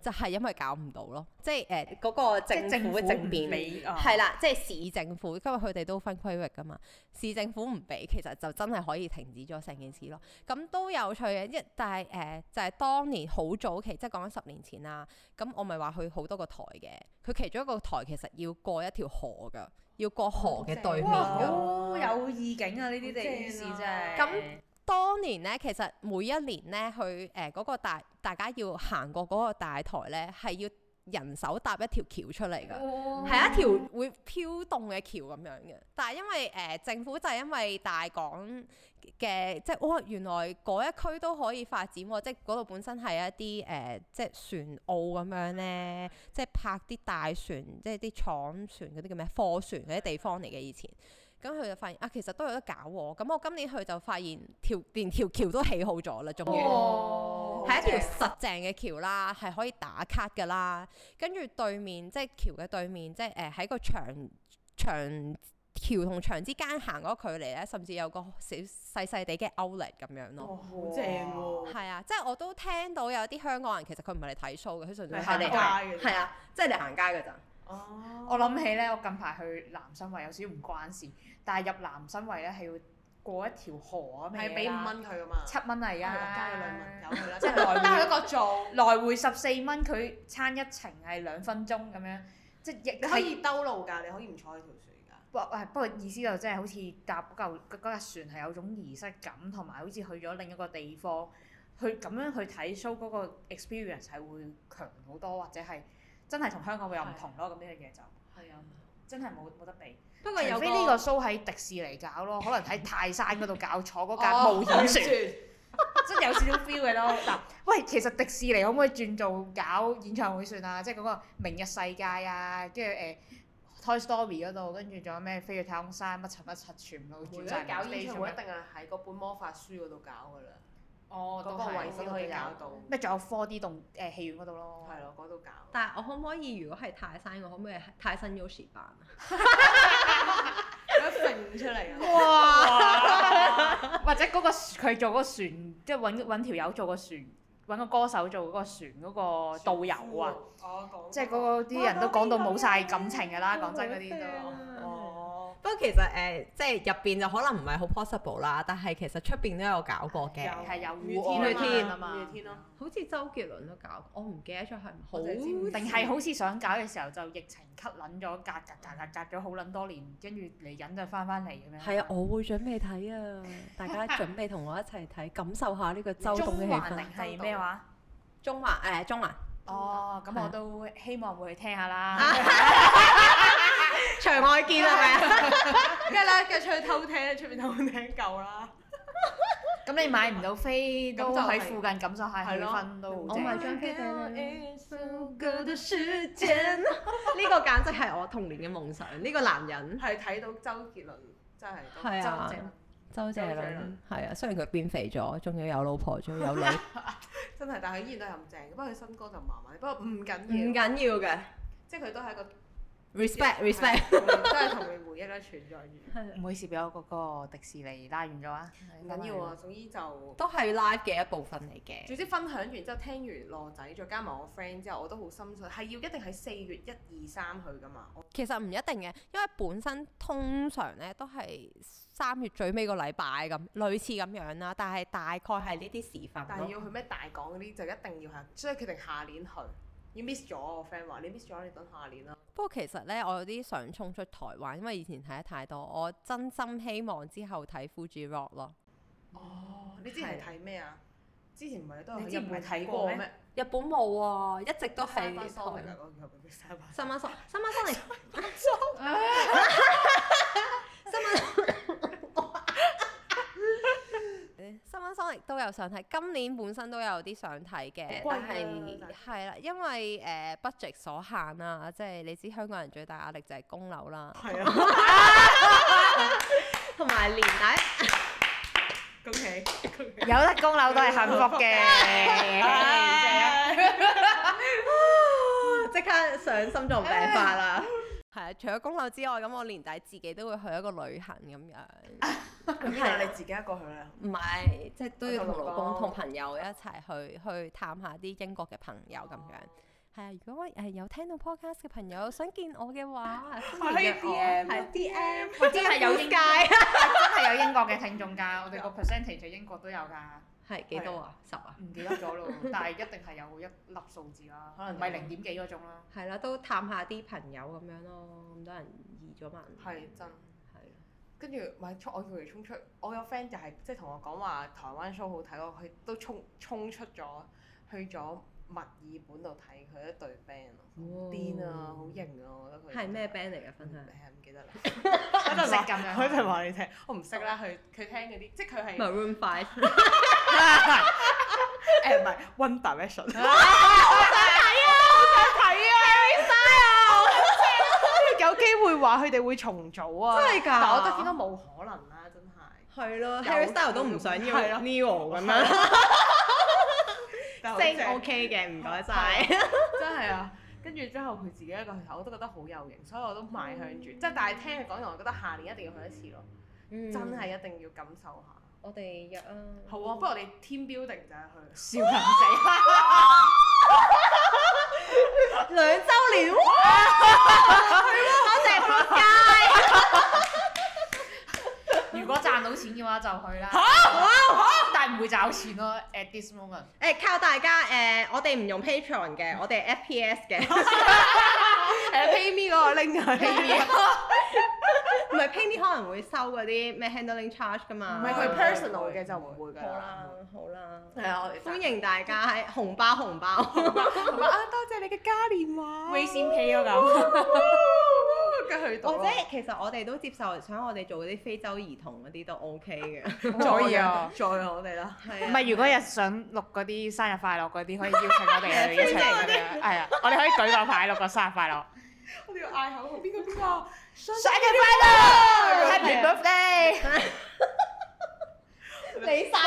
就係因為搞唔到咯，即係誒嗰個政府嘅政變，係啦、啊，即係市政府。因為佢哋都分區域噶嘛，市政府唔俾，其實就真係可以停止咗成件事咯。咁都有趣嘅，一但係誒、呃、就係、是、當年好早期，即係講緊十年前啦。咁我咪話去好多個台嘅，佢其中一個台其實要過一條河噶，要過河嘅對面好、啊、有意境啊！呢啲地市、啊、真係。當年咧，其實每一年咧，去誒嗰、呃嗰個大大家要行過嗰個大台咧，係要人手搭一條橋出嚟㗎，係、哦哦哦哦、一條會飄動嘅橋咁樣嘅。但係因為誒、呃、政府就係因為大港嘅，即係哦，原來嗰一區都可以發展喎、啊，即係嗰度本身係一啲誒、呃，即係船澳咁樣咧，即係泊啲大船，即係啲廠船嗰啲叫咩貨船嗰啲地方嚟嘅以前。咁佢就發現啊，其實都有得搞喎。咁我今年去就發現條連條橋都起好咗啦，終於係、哦、一條實淨嘅橋啦，係、哦、可以打卡㗎啦。跟住對面即係橋嘅對面，即係誒喺個長長橋同牆之間行嗰距離咧，甚至有個小細細地嘅 Outlet 咁樣咯。好、哦哦、正喎！係、哦哦、啊，即、就、係、是、我都聽到有啲香港人其實佢唔係嚟睇 show 嘅，佢純粹係行街嘅。係啊，即係嚟行街㗎咋。 (laughs) Oh. 我諗起咧，我近排去南生圍有少少唔關事，但係入南生圍咧係要過一條河啊咩？係俾五蚊佢噶嘛？七蚊係啊，加個兩蚊有佢啦，即、就、係、是、來回 (laughs) 一個坐， (laughs) 來回十四蚊，佢撐一程係兩分鐘咁樣，即係亦可以兜路㗎，你可以唔是坐呢條船㗎。不誒，不過意思就即係好似搭嗰嚿嗰隻船係有種儀式感，同埋好似去咗另一個地方，去咁樣去睇 show 嗰個 experience 係會強好多，或者係。真係同香港會有唔同咯，咁呢啲嘢就係啊，真係冇冇得比。不過有除非呢個 show 喺迪士尼搞咯，可能喺泰山嗰度搞坐嗰架冒險船，真係有少少 feel 嘅咯。嗱，喂，其實迪士尼可唔可以轉做搞演唱會算啊？即係嗰個明日世界啊，跟住誒 Toy Story 嗰度，跟住仲有咩飛去太空山，乜柒乜柒，全部都。如果搞演唱會，一定係喺嗰本魔法書嗰度搞嘅啦。哦，嗰個維生可以搞到，咩仲有 four D 動誒戲院嗰度咯？係咯，嗰度搞。但係我可唔可以？如果係泰山，我可唔可以泰山 Yoshi 扮啊？咁揈出嚟啊！哇！或者嗰個佢做嗰個船，即係揾揾條友做個船，揾個歌手做嗰個船嗰個導遊啊！即係嗰個啲人都講到冇晒感情㗎啦，講真嗰啲都。不過其實誒、呃，即係入邊就可能唔係好 possible 啦，但係其實出邊都有搞過嘅。有雨天去天，天，天啊嘛，雨天咯、啊。好似周杰倫都搞，我唔記得咗係。好像。定係好似想搞嘅時候就疫情 cut 撚咗，隔隔隔隔隔咗好撚多年，跟住嚟忍就翻翻嚟嘅咩？係啊，我會準備睇啊，大家準備同我一齊睇， (laughs) 感受下呢個周冬嘅氣氛。定係咩話？中環誒、呃，中環。中環哦，咁我都希望會去聽下啦。 (laughs) (laughs) 場外見係咪啊？跟住咧，跟住出去偷聽，出邊偷聽夠啦。咁你買唔到飛都喺附近感受下個氛圍啫。我唔係張飛仔。呢個簡直係我童年嘅夢想。呢個男人係睇到周杰倫真係周正，周正倫係啊。雖然佢變肥咗，仲要有老婆，仲要有女，真係。但係佢依然都係咁正。不過佢新歌就麻麻，不過唔緊要，唔緊要嘅。即係佢都係一個。respect respect， (laughs) 真係同你無一粒存在。唔 (laughs) 好意思，俾我嗰個 (laughs) 迪士尼拉完咗啊！唔緊要啊，總之就都係 live 嘅一部分嚟嘅。總之分享完之後，聽完羅仔，再加埋我 friend 之後，我都好心水。係要一定喺四月一二三去㗎嘛？其實唔一定嘅，因為本身通常咧都係三月最尾個禮拜咁，類似咁樣啦。但係大概係呢啲時份。但係要去咩大港嗰啲，就一定要係，所以決定下年去。You miss 咗，我 friend 話你 miss 咗，你等下年啦。不過其實咧，我有啲想衝出台灣，因為以前睇得太多，我真心希望之後睇《富士 rock》咯。哦，你之前睇咩啊？之前唔係都你之前唔係睇過咩？過日本冇啊，一直都係。三番收尾三番三番三番新聞週亦都有想睇，今年本身都有啲想睇嘅，但係係啦，因為誒、uh, budget 所限啦、啊，即、就、係、是、你知香港人最大壓力就係供樓啦，係啊，同埋年底恭喜，恭喜有得供樓都係幸福嘅，即 (laughs) (laughs) (laughs) (laughs) (laughs) 刻上心臟病發啦！係啊，除咗公樓之外，咁我年底自己都會去一個旅行咁樣、， (laughs) 嗯、樣。咁係、啊、你自己一個去啊？唔係，即係都要同老、老公、同朋友一齊去去探下啲英國嘅朋友咁樣。係啊、哦，如果誒有聽到 podcast 嘅朋友想見我嘅話、啊、，send (laughs) 啲 M，啲 D M，我真係有英，真係有英國嘅 (laughs) 聽眾噶，我哋個 percentage 喺英國都有噶。係幾多啊？的十啊？唔記得咗咯， (laughs) 但係一定係有一粒數字啦。 (laughs) 可能唔係零點幾嗰種啦。係啦，都探下啲朋友咁樣咯，咁多人移咗嘛。係真係。跟住咪衝，我叫佢哋衝出。我有 friend 就係即係同我講話，台灣 show 好睇咯，佢都衝衝出咗，去咗。墨爾本度睇佢一隊 band 好癲啊，好型啊！我覺得佢係咩 band 嚟嘅？分享係唔記得啦。我唔識咁樣。我一陣話你聽，我唔識啦。佢佢聽嗰啲，即係佢係。Maroon 5。誒唔係 One Direction。睇啊！好想睇啊！Harry Styles，有機會話佢哋會重組啊？真係㗎！但我覺得應該冇可能啦，真係。係咯。Harry Styles 都唔想要 Niall 咁樣。聲 OK 嘅，唔該晒。 (laughs) 真係啊！跟住之後佢自己一個去，我都覺得好有型，所以我都邁向住。即係但係聽佢講完，我覺得下年一定要去一次咯，嗯、真係一定要感受下。我哋約啊！好啊，不如我哋 team building 就係去。笑死 (laughs) (laughs) 謝不！兩週年，去窩窩石板街。如果賺到錢嘅話就去啦，但係唔會找到錢咯，at this moment。誒靠大家誒，我哋唔用 Patreon 嘅，我哋 FPS 嘅，係 PayMe 嗰個 link 啊，唔係 PayMe 可能會收嗰啲咩 handling charge 噶嘛？唔係佢 personal 嘅就唔會㗎。好啦好啦，係啊！歡迎大家，喺紅包紅包，啊多謝你嘅嘉年華，微信 pay 啊咁。或者其實我哋都接受，想我哋做嗰啲非洲兒童嗰啲都 OK 嘅，可以啊，在我哋啦。唔係，如果日想錄嗰啲生日快樂嗰啲，可以邀請 (laughs) 我哋嚟邀請啊。我哋可以舉個快樂 (laughs) 個生日快樂。 (laughs) 我哋要嗌口號，邊個邊個生日快樂？Happy birthday！ (laughs) (laughs) 你快，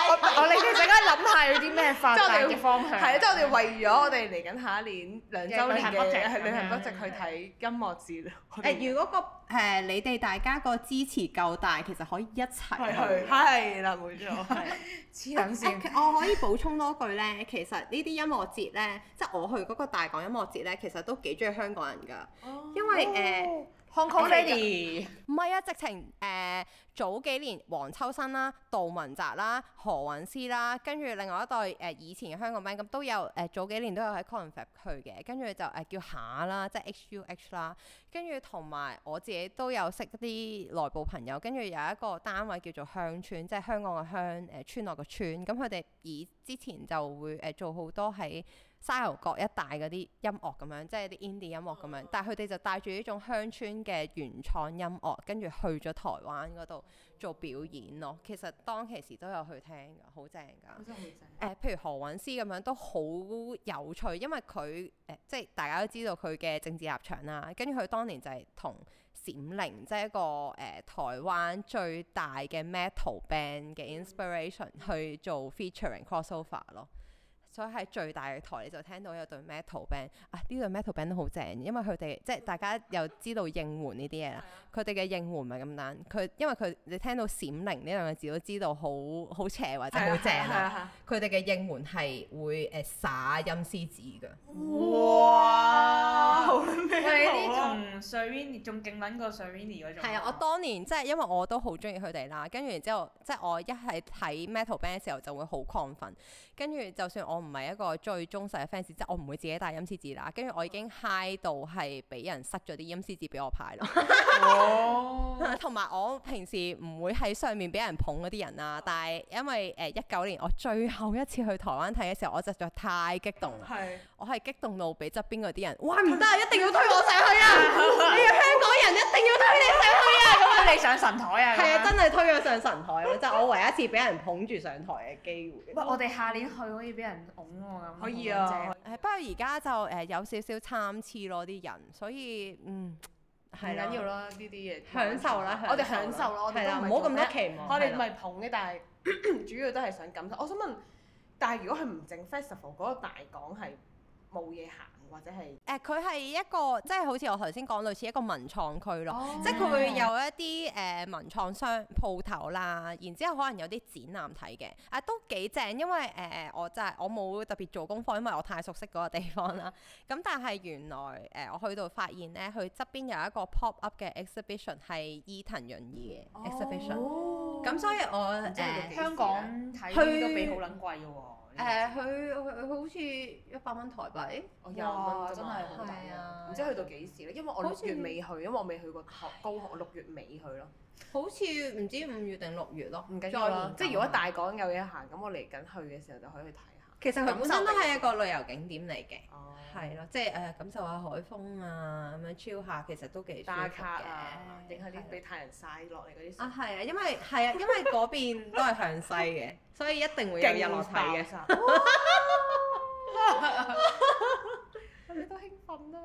我我你哋陣間諗下有啲咩發即係方向係啊！即係我哋為咗我哋嚟緊下一年兩週年嘅旅行北極去睇音樂節誒，如果個誒你哋大家個支持夠大，其實可以一齊去係啦，冇錯，我黐緊我可以補充多句咧，其實呢啲音樂節咧，即係我去嗰個大港音樂節咧，其實都幾中意香港人㗎，因為誒。Hong Kong lady，唔係 (laughs) 啊，直情誒、呃、早幾年黃秋生啦、杜汶澤啦、何韻詩啦，跟住另外一對誒、呃、以前香港人咁都有誒、呃、早幾年都有喺 c o n f e r 去嘅，跟住就誒、呃、叫下啦，即係 H U H 啦，跟住同埋我自己都有識啲內部朋友，跟住有一個單位叫做鄉村，即係香港嘅鄉誒、呃、村落嘅村，咁佢哋以之前就會誒、呃、做好多喺。沙丘國一帶嗰啲音樂咁樣，即係啲 indie 音樂咁樣，但係佢哋就帶住呢種鄉村嘅原創音樂，跟住去咗台灣嗰度做表演咯。其實當其時都有去聽㗎，好正㗎。真、呃、譬如何韻詩咁樣都好有趣，因為佢誒、呃、即係大家都知道佢嘅政治立場啦。跟住佢當年就係同閃靈，即係一個誒、呃、台灣最大嘅 metal band 嘅 inspiration、嗯、去做 featuring crossover 咯。所以喺最大嘅台，你就聽到有對 metal band 啊，呢對 metal band 都好正，因為佢哋即係大家又知道應援呢啲嘢啦。 (laughs) 佢哋嘅應援唔係咁單，佢，因為佢你聽到閃靈呢兩個字都知道好好邪或者好正啦。佢哋嘅應援係會誒撒陰司紙㗎。啊、哇！哇好咩？係啲同 s h r e n i 仲勁撚過 s h r e n i 嗰種。係、嗯、啊，我當年即係因為我都好中意佢哋啦，跟住然之後即係我一係睇 Metal Band 嘅時候就會好亢奮，跟住就算我唔係一個最忠實嘅 fans，即係我唔會自己帶陰司紙啦。跟住我已經嗨到係俾人塞咗啲陰司紙俾我派咯。 (laughs) 哦，同埋我平時唔會喺上面俾人捧嗰啲人啊，但係因為誒一九年我最後一次去台灣睇嘅時候，我實在太激動啦。我係激動到俾側邊嗰啲人，哇唔得啊，一定要推我上去啊！你哋香港人一定要推你上去啊！推你上神台啊！係啊，真係推我上神台，就我唯一一次俾人捧住上台嘅機會。喂，我哋下年去可以俾人捧我咁。可以啊，不過而家就誒有少少參差咯，啲人，所以嗯。唔緊要咯，呢啲嘢享受啦，我哋享受咯，我哋都唔好咁多期望，我哋唔係捧嘅，但係 (coughs) 主要都係想感受。我想問，但係如果佢唔整 festival，個大港係冇嘢行。或者係誒、呃，佢係一個即係好似我頭先講，類似一個文創區咯。Oh. 即係佢會有一啲誒、呃、文創商鋪頭啦，然之後可能有啲展覽睇嘅。啊、呃，都幾正，因為誒、呃、我就係我冇特別做功課，因為我太熟悉嗰個地方啦。咁但係原來誒、呃、我去到發現咧，佢側邊有一個 pop up 嘅 exhibition 係伊藤潤二嘅 exhibition。哦、oh. 呃，咁、嗯、所以我誒香港睇都比好撚貴嘅喎。誒，佢好似一百蚊台幣，哇！真係好抵啊！唔知去到幾時咧，因為我六月未去，因為我未去過高雄，高雄，六月尾去咯。好似唔知五月定六月咯，唔緊要啦。即係如果大港有嘢行，咁我嚟緊去嘅時候就可以去睇下。其實佢本身都係一個旅遊景點嚟嘅。係咯，即係誒感受下海風啊，咁樣 chill 下其實都幾舒服。打卡啊，影下啲俾太陽曬落嚟嗰啲。啊係啊，因為係啊，因為嗰邊都係向西嘅，所以一定會有日落睇嘅。你都興奮啦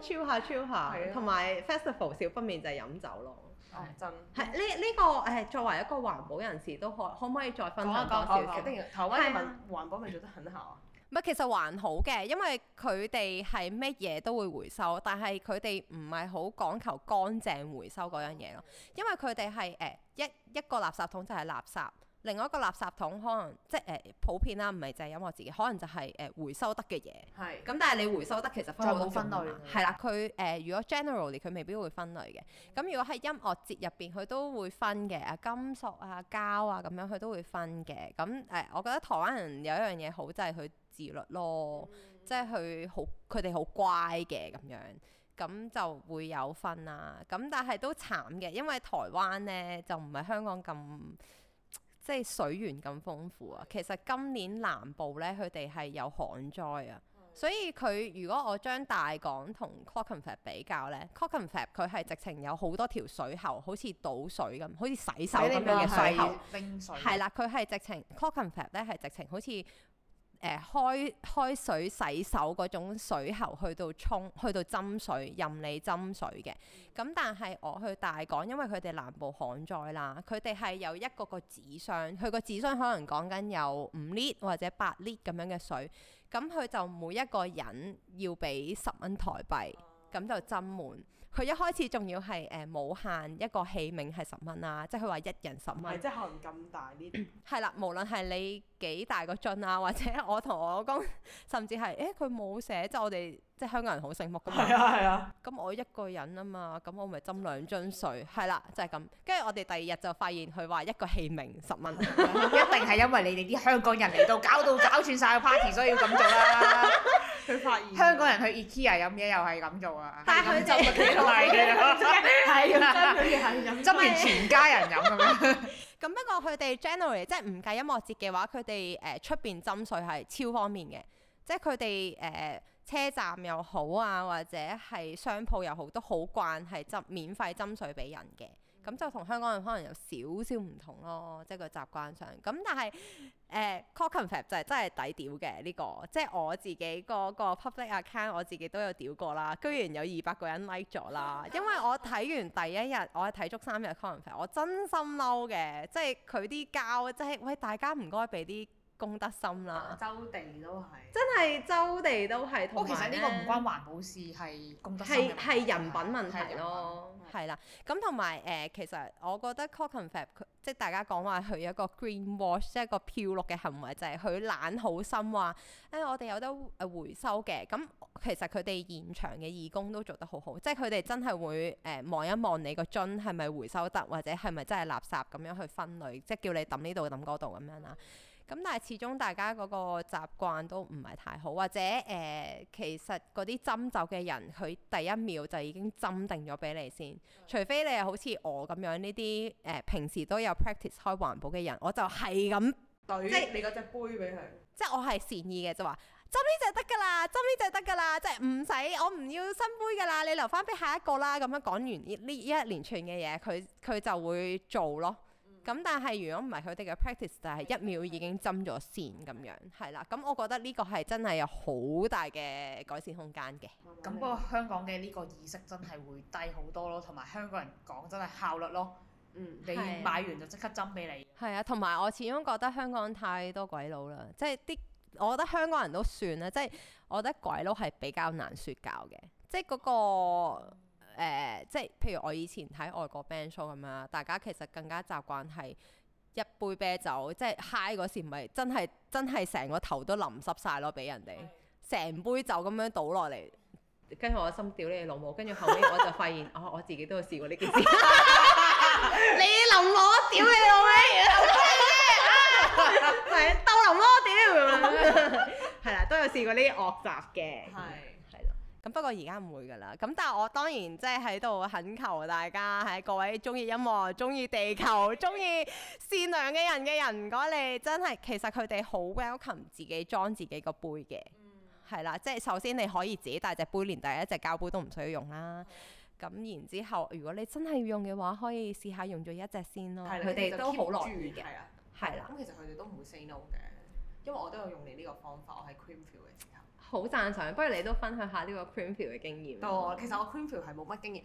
，chill 下 chill 下，同埋 festival 少不免就係飲酒咯。係真。係呢呢個誒，作為一個環保人士，都可可唔可以再分享多少嘅？當然，台灣人民環保咪做得很好啊。其實還好嘅，因為佢哋係咩嘢都會回收，但係佢哋唔係好講求乾淨回收嗰樣嘢咯。因為佢哋係誒一一個垃圾桶就係垃圾，另外一個垃圾桶可能即係誒、呃、普遍啦，唔係淨係音樂自己，可能就係、是、誒、呃、回收得嘅嘢。係是。咁、嗯、但係你回收得其實分好分類。係啦，佢誒、呃、如果 generally 佢未必會分類嘅。咁如果喺音樂節入邊，佢都會分嘅啊，金屬啊、膠啊咁樣，佢都會分嘅。咁誒、呃，我覺得台灣人有一樣嘢好就係、是、佢。自律咯，即係佢好，佢哋好乖嘅咁樣，咁就會有分啦、啊。咁但係都慘嘅，因為台灣呢就唔係香港咁，即係水源咁豐富啊。其實今年南部呢，佢哋係有旱災啊。嗯、所以佢如果我將大港同 Clockenflap 比較呢，Clockenflap 佢係直情有好多條水喉，嗯、好似倒水咁，好似洗手咁樣嘅水喉。冰水，係啦，佢係直情 Clockenflap 咧係直情好似。誒、呃、開開水洗手嗰種水喉，去到沖，去到斟水，任你斟水嘅。咁、嗯、但係我去大港，因為佢哋南部旱災啦，佢哋係有一個個紙箱，佢個紙箱可能講緊有五 L 或者八 L 咁樣嘅水，咁、嗯、佢就每一個人要俾十蚊台幣，咁、嗯、就斟滿。佢一開始仲要係誒、呃、無限一個器皿係十蚊啊，即係佢話一人十蚊。即係可能咁大呢？啲。係 (coughs) 啦，無論係你幾大個樽啊，或者我同我公，甚至係誒佢冇寫，即係、 (coughs) 就是、我哋即係香港人好醒目㗎嘛。係啊係啊。咁、啊、我一個人啊嘛，咁我咪斟兩樽水，係啦，就係、是、咁。跟住我哋第二日就發現佢話一個器皿十蚊， (laughs) (laughs) 一定係因為你哋啲香港人嚟到搞到搞串曬 party，所以要咁做啦、啊。 (laughs) 發現香港人去 IKEA 飲嘢又係咁做啊！但係佢斟嘅幾多嘅啫，係斟完全家人飲咁樣。咁不過佢哋 generally 即係唔計音樂節嘅話，佢哋誒出邊斟水係超方便嘅，即係佢哋誒車站又好啊，或者係商鋪又好，都好慣係斟免費斟水俾人嘅。咁、嗯、就同香港人可能有少少唔同咯，即係個習慣上。咁但係誒 Clockenflap 就係真係抵屌嘅呢個，即係我自己個個 public account 我自己都有屌過啦，居然有二百個人 like 咗啦。因為我睇完第一日，我係睇足三日 Clockenflap，我真心嬲嘅，即係佢啲膠即係喂大家唔該俾啲公德心啦，周地都係，真係周地都係，同埋呢個唔關環保事，係公德心嘅問題，係人品問題咯。係啦，咁同埋誒，其實我覺得 Clockenflap 即係大家講話佢有一個 green wash，即係一個漂綠嘅行為，就係、是、佢懶好心話誒，我哋有得回收嘅。咁其實佢哋現場嘅義工都做得好好，即係佢哋真係會誒望、呃、一望你個樽係咪回收得，或者係咪真係垃圾咁樣去分類，即係叫你抌呢度抌嗰度咁樣啦。咁但係始終大家嗰個習慣都唔係太好，或者誒、呃，其實嗰啲斟酒嘅人，佢第一秒就已經斟定咗俾你先，嗯、除非你係好似我咁樣呢啲誒，平時都有 practice 開環保嘅人，我就係咁對，即係你嗰隻杯俾佢，即係我係善意嘅就話斟呢隻得噶啦，斟呢隻得噶啦，即係唔使，我唔要新杯噶啦，你留翻俾下一個啦。咁樣講完呢呢一連串嘅嘢，佢佢就會做咯。咁、嗯、但係如果唔係佢哋嘅 practice 就係一秒已經針咗線咁樣，係啦。咁我覺得呢個係真係有好大嘅改善空間嘅。咁不過香港嘅呢個意識真係會低好多咯，同埋香港人講真係效率咯、嗯。你買完就即刻針俾你。係啊，同埋、啊、我始終覺得香港太多鬼佬啦，即係啲我覺得香港人都算啦，即係我覺得鬼佬係比較難說教嘅，即係、那、嗰個。嗯嗯。誒、呃，即係譬如我以前睇外國 band show 咁樣，大家其實更加習慣係一杯啤酒，即係嗨嗰時唔係真係真係成個頭都淋濕晒咯，俾人哋成杯酒咁樣倒落嚟，跟住我心屌你老母，跟住後尾我就發現， (laughs) 哦，我自己都有試過呢件事，你淋我少你老味，係鬥淋咯，屌係啦，都有試過呢啲惡習嘅。咁不過而家唔會㗎喇，咁但係我當然即係喺度懇求大家，喺各位中意音樂、中意地球、中意 (laughs) 善良嘅人嘅人，如果你真係其實佢哋好 welcome 自己裝自己個杯嘅，係啦、嗯，即係首先你可以自己帶隻杯，連第一隻膠杯都唔需要用啦。咁、嗯、然之後，如果你真係要用嘅話，可以試下用咗一隻先咯。佢哋了都好樂意嘅，係啦了。咁了其實佢哋都唔會 say no 嘅，因為我都有用你呢個方法，我係 Creamfields 嘅。好讚賞，不如你都分享下呢個 Creamfields 嘅經驗。多，其實我 Creamfields 係冇乜經驗，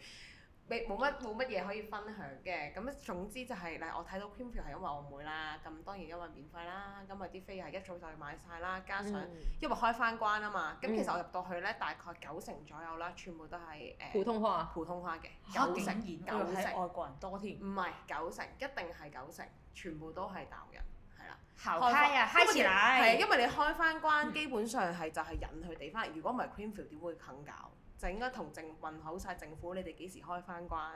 未冇乜冇乜嘢可以分享嘅。咁總之就係、是，嗱我睇到 Creamfields 係因為我妹啦，咁當然因為免費啦，咁咪啲飛係一早就買晒啦，加上、嗯、因為開翻關啊嘛，咁、嗯、其實我入到去呢，大概九成左右啦，全部都係誒、呃、普通話、啊，普通話嘅九成，九然成外國人多添。唔係九成，一定係九成，全部都係大陸人。開啊，開起嚟係啊，因為你開翻關，基本上係就係引佢哋翻嚟。如果唔係 Creamfields 點會肯搞？就應該同政府問好晒政府，你哋幾時開翻關，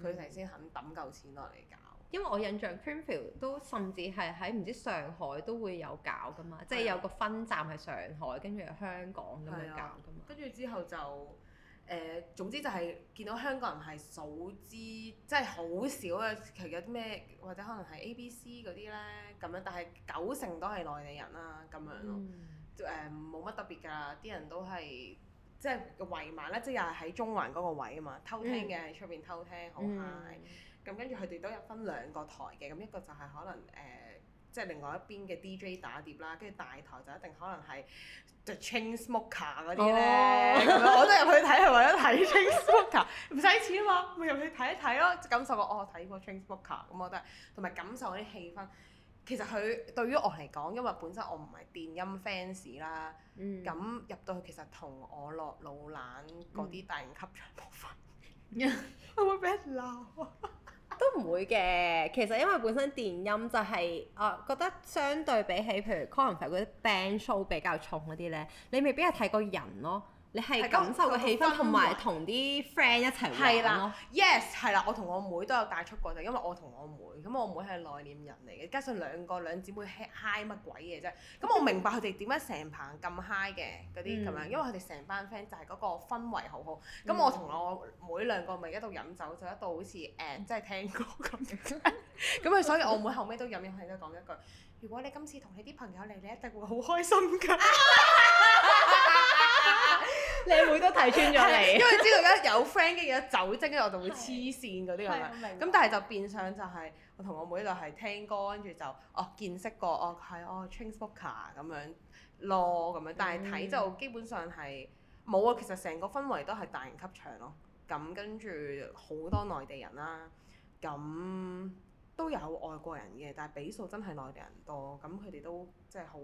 佢哋先肯抌夠錢落嚟搞。因為我印象 Creamfields 都甚至係喺唔知上海都會有搞噶嘛，即係的有個分站喺上海，跟住香港咁樣搞噶嘛。跟住之後就。誒、呃，總之就係見到香港人係數知，即係好少嘅，其實有啲咩或者可能係 A B C 嗰啲咧咁樣，但係九成都係內地人啦、啊、咁樣咯，誒冇乜特別㗎啦，啲人都係即係圍埋咧，即係又喺中環嗰個位啊嘛，偷聽嘅喺出邊偷聽好嗨，咁跟住佢哋都有分兩個台嘅，咁一個就係可能誒。呃即係另外一邊嘅 DJ 打碟啦，跟住大台就一定可能係就 The Chainsmokers 嗰啲咧，我都入去睇係為咗睇 Chainsmokers 唔使錢啊嘛，咪入去睇一睇咯，感受個哦睇呢 Chainsmokers 咁我都得，同埋感受啲氣氛。其實佢對於我嚟講，因為本身我唔係電音 fans 啦，咁、嗯、入到去其實同我落老懶嗰啲大型級場部分、嗯，我冇咩聊啊。都唔會嘅，其實因為本身電音就係、是，啊覺得相對比起譬如 Clockenflap 嗰啲 band show 比較重嗰啲咧，你未必係睇個人咯。你係感受個氣氛同埋同啲 friend 一齊玩咯。係啦，yes 係啦，我同我妹都有帶出過，就因為我同我妹咁，我妹係內斂人嚟嘅，加上兩個兩姊妹嗨乜鬼嘢啫。咁我明白佢哋點解成棚咁嗨嘅嗰啲咁樣，因為佢哋成班 friend 就係嗰個氛圍好好。咁我同我妹兩個咪一度飲酒，就一度好似誒即係聽歌咁咁啊，所以我妹後尾都飲完，佢都講一句：如果你今次同你啲朋友嚟，你一定會好開心㗎。 (laughs) 你妹都睇穿咗你， (laughs) 因為知道而家有 friend 嘅跟住酒精咧，我就會黐線嗰啲係咪？咁對但係就變相就係、是、我同我妹就係聽歌，跟住就哦見識過哦係哦 trance boker 咁樣咯咁樣，但係睇就基本上係冇啊。其實成個氛圍都係大型級場咯。咁跟住好多內地人啦，咁都有外國人嘅，但係比數真係內地人多。咁佢哋都即係好。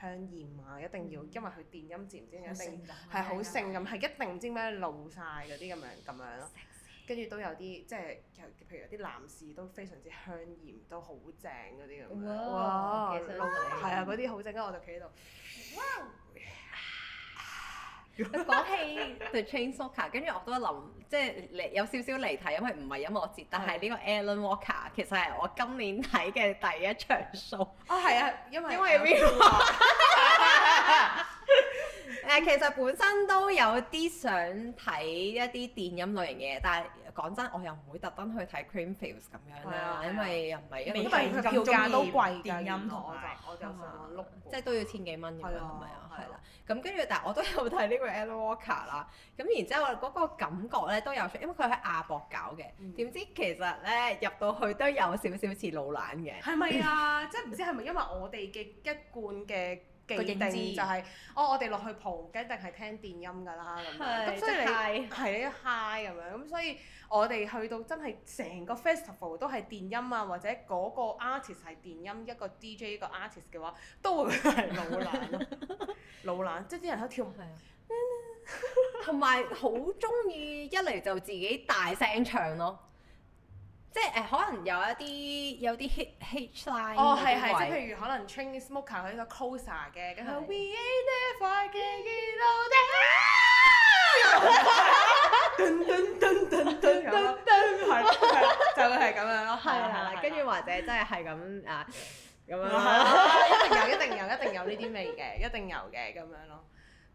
香豔啊！一定要，因為佢電音節唔知，一定係好性感咁，係、啊、一定唔知咩露晒嗰啲咁樣咁樣咯。xy 跟住都有啲，即係譬如啲男士都非常之香豔，都好正嗰啲咁樣，wow, 哇！係露啊，嗰啲好正，跟住我就企喺度。 (laughs) wow, 講起 The Chainsmoker，跟住我都諗，即係離有少少離題，因為唔係音樂節，但係呢個 Alan Walker 其實係我今年睇嘅第一場 show。啊，係啊，因為因為邊個？誒其實本身都有啲想睇一啲電音類型嘅，但係講真我又唔會特登去睇 Creamfields 咁樣啦，啊、因為又唔係因為票價都貴㗎，電音同我就想碌，啊、錄即係都要千幾蚊咁樣，係咪啊？係啦了，咁跟住但係我都有睇呢個 Alan Walker 啦，咁然之後嗰個感覺咧都有，出，因為佢喺亞博搞嘅，點知其實咧入到去都有少少似老懶嘅，係咪啊？ (laughs) 即係唔知係咪因為我哋嘅一貫嘅。定就係、個就係，哦，我哋落去蒲嘅，一定係聽電音噶啦，咁樣是，咁所以你係啲 high 咁樣，咁所以我哋去到真係成個 festival 都係電音啊，或者嗰個 artist 係電音一個 DJ 一個 artist 嘅話，都會覺老懶咯，啊， (laughs) 老懶，即、就、啲、是、人喺度跳啊，同埋好中意一嚟就自己大聲唱咯。即係誒、呃，可能有一啲有啲 hit hit line 哦，係係，即係譬如可能 Train Smoker 係一個 closer 嘅，跟住，就會係咁樣囉。啊啊啊啊啊啊啊啊啊啊啊啊啊啊啊啊啊啊啊啊啊啊啊啊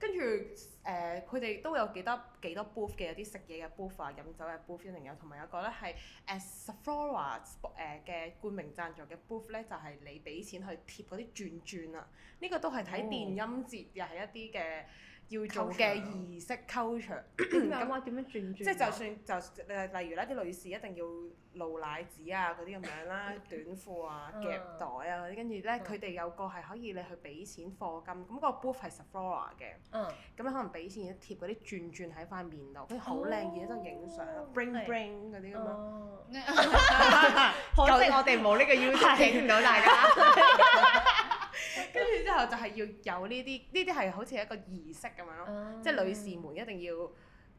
跟住誒，佢、呃、哋都有幾多幾多 booth 嘅，有啲食嘢嘅 booth 啊，飲酒嘅 booth，然後同埋有個咧係 asphora 誒嘅冠名贊助嘅 booth 咧，就係你俾錢去貼嗰啲轉轉啊。呢、這個都係睇電音節，又係、哦、一啲嘅。要做嘅儀式 culture，咁我點樣轉轉？即係就算就例例如咧，啲女士一定要露奶子啊嗰啲咁樣啦，短褲啊、夾袋啊嗰啲，跟住咧佢哋有個係可以你去俾錢課金，咁個 booth 係 Sephora 嘅，咁可能俾錢貼嗰啲轉轉喺塊面度，佢好靚嘢都影相，bring bring 嗰啲咁樣。可惜我哋冇呢個要求影唔到大家。係要有呢啲，呢啲係好似一個儀式咁樣咯，啊、即係女士們一定要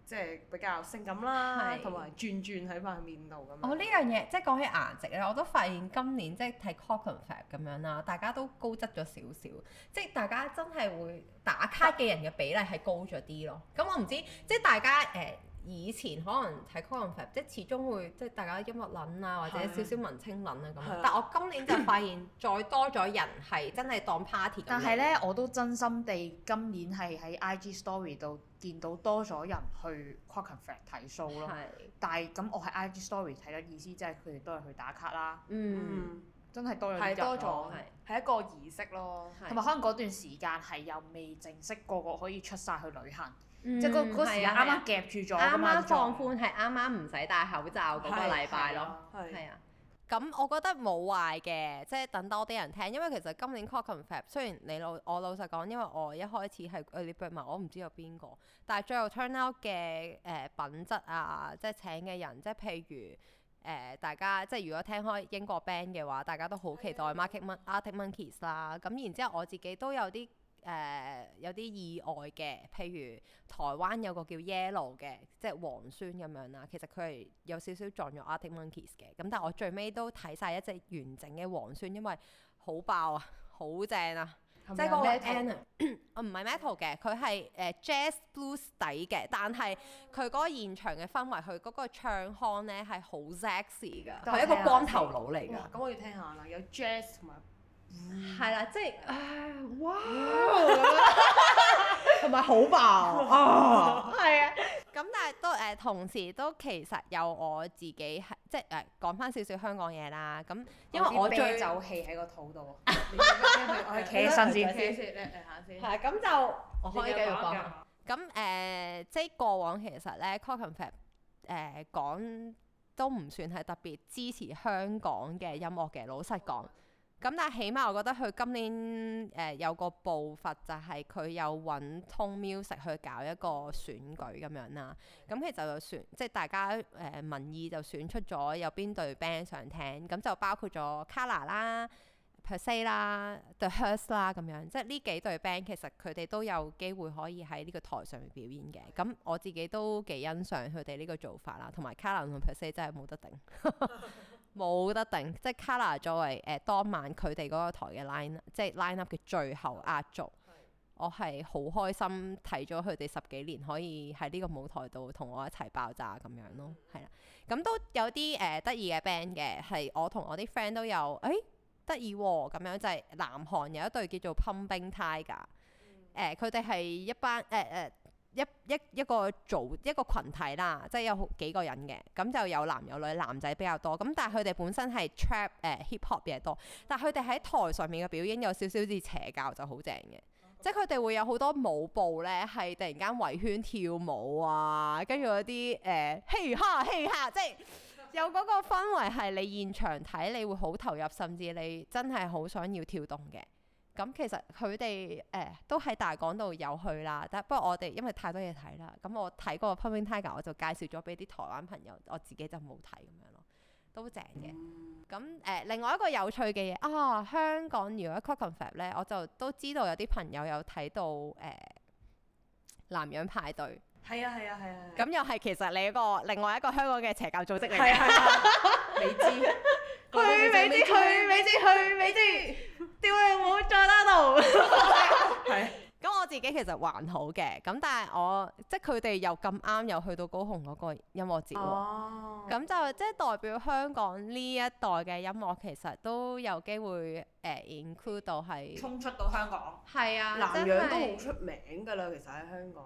即係比較性感啦，同埋是轉轉喺塊面度咁。哦，呢樣嘢即係講起顏值咧，我都發現今年即係睇 Clockenflap 咁樣啦，大家都高質咗少少，即係大家真係會打卡嘅人嘅比例係高咗啲咯。咁我唔知即係大家誒。呃以前可能睇 Clockenflap 即係始終會即係大家音樂撚啊或者少少文青撚啊咁，啊但係我今年就發現再多咗人係真係當 party。但係呢，樣我都真心地今年係喺 IG Story 度見到多咗人去 Clockenflap 睇 show 咯。是但係咁，我喺 IG Story 睇嘅意思即係佢哋都係去打卡啦。嗯。真係多咗係多咗。係了一個儀式咯。係是。同埋可能嗰段時間係又未正式個個可以出晒去旅行。嗯、即係個個時啱啱、啊啊、夾住，咗啱啱放寬係啱啱唔使戴口罩嗰個禮拜咯。係啊，咁、啊啊啊、我覺得冇壞嘅，即係等多啲人聽。因為其實今年 Clockenflap 雖然你老我老實講，因為我一開始係佢哋錶埋，我唔知有邊個，但係最後 Turnout 嘅誒、呃、品質啊，即係請嘅人，即係譬如誒、呃、大家，即係如果聽開英國 Band 嘅話，大家都好期待 Arctic Arctic Monkeys 啦。咁、啊、然之後我自己都有啲。誒、uh, 有啲意外嘅，譬如台灣有個叫 Yellow 嘅，即係黃酸咁樣啦。其實佢係有少少撞咗 Arctic Monkeys 嘅，咁但係我最尾都睇晒一隻完整嘅黃酸，因為好爆啊，好正啊！天即係嗰個 n, Method 啊唔係 metal 嘅，佢係誒 jazz blues 底嘅，但係佢嗰個現場嘅氛圍，佢嗰個唱腔咧係好 sexy 㗎，係一,一個光頭佬嚟㗎。咁、嗯、我要聽下啦，有 jazz 同埋。係啦，即係、 (music) 嗯就是、哇，同埋好爆啊！ (laughs) 係啊，咁但係都誒，同時都其實有我自己係即係誒，講、呃、翻少少香港嘢啦。咁因為我啤酒氣喺個肚度，我企身先，誒誒下先。係咁就我可以繼續講。咁誒了、呃，即係過往其實咧，Clockenflap 誒講都唔算係特別支持香港嘅音樂嘅，老實講。咁但係起碼我覺得佢今年誒、呃、有個步伐就係佢有揾 Tone Music 去搞一個選舉咁樣啦。咁其實就選即係大家誒民、呃、意就選出咗有邊隊 band 想聽，咁就包括咗 Carla 啦、Perse 啦、The Hurts 啦咁樣。即係呢幾隊 band 其實佢哋都有機會可以喺呢個台上面表演嘅。咁我自己都幾欣賞佢哋呢個做法啦。同埋 Carla 同 Perse 真係冇得頂。 (laughs) 冇得頂，即係 Kara 作為誒當晚佢哋嗰個台嘅 line，up，即係 lineup 嘅最後壓軸，的我係好開心睇咗佢哋十幾年，可以喺呢個舞台度同我一齊爆炸咁樣咯，係啦。咁、嗯、都有啲誒得意嘅 band 嘅，係、呃、我同我啲 friend 都有誒得意喎咁樣，就係、是、南韓有一對叫做 Pumping Tiger，佢哋係一班誒誒。呃呃一一一個組一個群體啦，即係有幾個人嘅，咁就有男有女，男仔比較多，咁但係佢哋本身係 trap 誒、呃、hip hop 嘢多，但係佢哋喺台上面嘅表演有少少似邪教就好正嘅，即係佢哋會有好多舞步呢，係突然間圍圈跳舞啊，跟住嗰啲誒嘻哈嘻哈，即係 (laughs) 有嗰個氛圍係你現場睇你會好投入，甚至你真係好想要跳動嘅。咁、嗯、其實佢哋誒都喺大港度有去啦，但不過我哋因為太多嘢睇啦，咁、嗯、我睇嗰個《Pumping Tiger》，我就介紹咗俾啲台灣朋友，我自己就冇睇咁樣咯，都正嘅。咁、嗯、誒、欸，另外一個有趣嘅嘢啊，香港如果 Clockenflap 咧，我就都知道有啲朋友有睇到誒南洋派對。係啊係啊係啊！咁又係其實你一個另外一個香港嘅邪教組織嚟嘅，你知？去未知？去未知？去未知？屌你妹，在嗰度！係。咁我自己其實還好嘅，咁但係我即係佢哋又咁啱又去到高雄嗰個音樂節喎。哦。咁就即係代表香港呢一代嘅音樂，其實都有機會誒 include 到係。衝出到香港。係啊。南洋都好出名㗎啦，其實喺香港。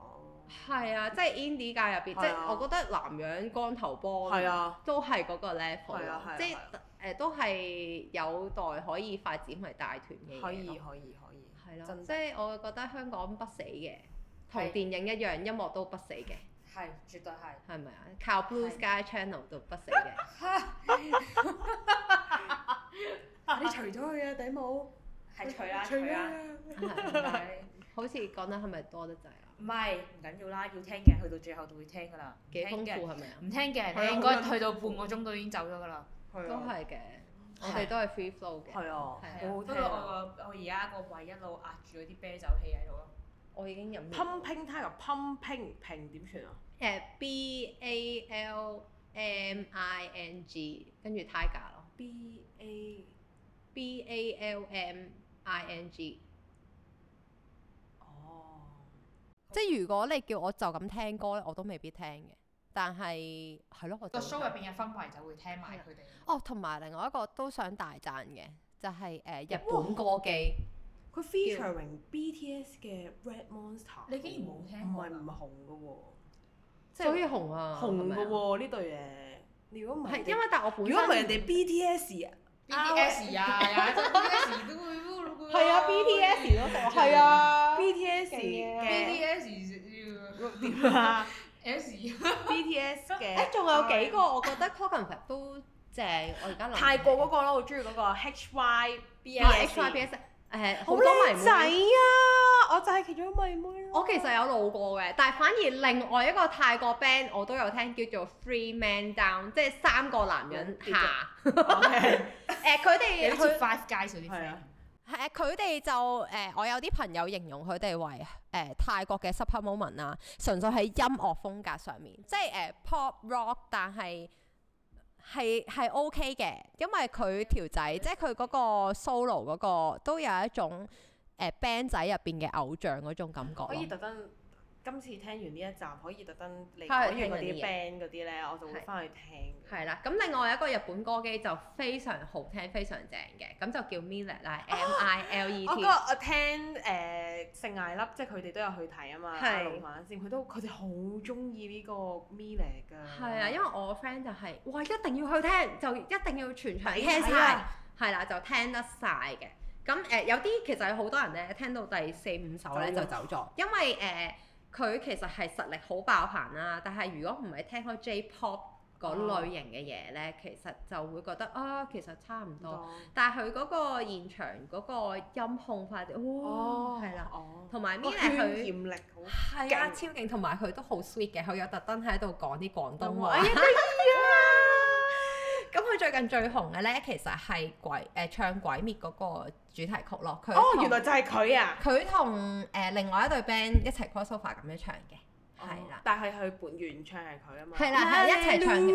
係啊，即係 Indie 界入邊，即係我覺得男人光頭波係啊，都係嗰個 level，即係誒都係有待可以發展為大團嘅。可以可以可以。係咯，即係我覺得香港不死嘅，同電影一樣，音樂都不死嘅。係絕對係。係咪啊？靠 Blue Sky Channel 都不死嘅。嚇！你除咗佢啊，頂帽係除啦，除啦。係唔係？好似講得係咪多得滯啊？唔係，唔緊要啦，要聽嘅去到最後就會聽㗎喇，幾豐富係咪啊？唔聽嘅人，你應該去到半個鐘都已經走咗㗎喇。都係嘅，我哋都係 free flow 嘅，係啊，好好聽啊，我而家個胃一路壓住嗰啲啤酒氣喺度咯，我已經飲。Pumping tiger pumping 瓶點算啊？誒，b a l m i n g，跟住 tiger 咯。b a b a l m i n g 即係如果你叫我就咁聽歌咧，我都未必聽嘅。但係係咯，個 show 入邊嘅氛圍就會聽埋佢哋。的哦，同埋另外一個都想大讚嘅，就係、是、誒、呃、日本歌姬，佢 featuring 叫 BTS 嘅 Red Monster。你竟然冇聽？唔係唔係紅嘅喎，所以，所以好似紅啊，紅嘅喎呢對嘢。如果唔係，因為但我本身如果唔係人哋 BTS 啊。 (laughs) BTS 啊，真 BTS 都會，都會。係啊，BTS 咯，係啊，BTS，BTS 要六啊，S，BTS 嘅。誒，仲有幾個我覺得 Clockenflap 都正，我而家泰國嗰個咯，我中意嗰個 HYBS，誒好多迷妹仔啊，我就係其中迷妹咯。我其實有路過嘅，但係反而另外一個泰國 band 我都有聽，叫做 Three Man Down，即係三個男人下。誒佢哋好似快街少啲，係啊！誒佢哋就誒、呃，我有啲朋友形容佢哋為誒、呃、泰國嘅 super moment 啊，純粹喺音樂風格上面，即係誒、呃、pop rock，但係係係 OK 嘅，因為佢條仔 (music) 即係佢嗰個 solo 嗰、那個都有一種誒、呃、 (music) band 仔入邊嘅偶像嗰種感覺咯。可今次聽完呢一站，可以特登嚟講完嗰啲 band 嗰啲咧，我就會翻去聽。係啦，咁另外一個日本歌姬就非常好聽，非常正嘅，咁就叫 Milet 啦，M, et, M I L E T。哦、我嗰個我聽誒、呃、聖艾粒，即係佢哋都有去睇啊嘛，六晚的、啊、先，佢都佢哋好中意呢個 Milet 㗎。係啊，因為我 friend 就係、是，哇！一定要去聽，就一定要全場聽曬，係啦，就聽得晒嘅。咁誒、呃、有啲其實有好多人咧，聽到第四五首咧就，要就走咗，因為誒。呃佢其實係實力好爆棚啦、啊，但係如果唔係聽開 J-pop 嗰類型嘅嘢咧，oh. 其實就會覺得啊、哦，其實差唔多。Oh. 但係佢嗰個現場嗰個音控快啲，哇、oh. 哦，係啦，同埋佢力係啊超勁，同埋佢都好 sweet 嘅，佢有特登喺度講啲廣東話。得意、oh. 哎、啊！咁佢最近最紅嘅咧，其實係鬼誒、呃、唱鬼滅嗰、嗰個。主題曲咯，佢哦原來就係佢啊！佢同誒另外一隊 band 一齊 crossover 咁樣唱嘅，係啦。但係佢本原唱係佢啊嘛。係啦，係一齊唱嘅，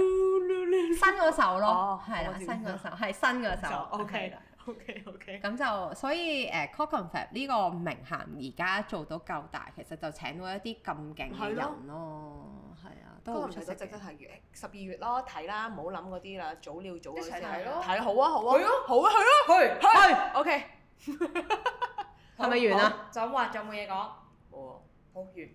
新嗰首咯，係啦，新嗰首係新嗰首。O K 啦，O K O K。咁就所以誒，Clockenflap 呢個名銜而家做到夠大，其實就請到一啲咁勁嘅人咯，係。都唔想得，值得係月十二月咯，睇啦，唔好諗嗰啲啦，早料早睇好啊，好啊，去啊，好啊，去啊，去，去，OK，係咪完啊？就咁話，仲有冇嘢講，好啊，好完。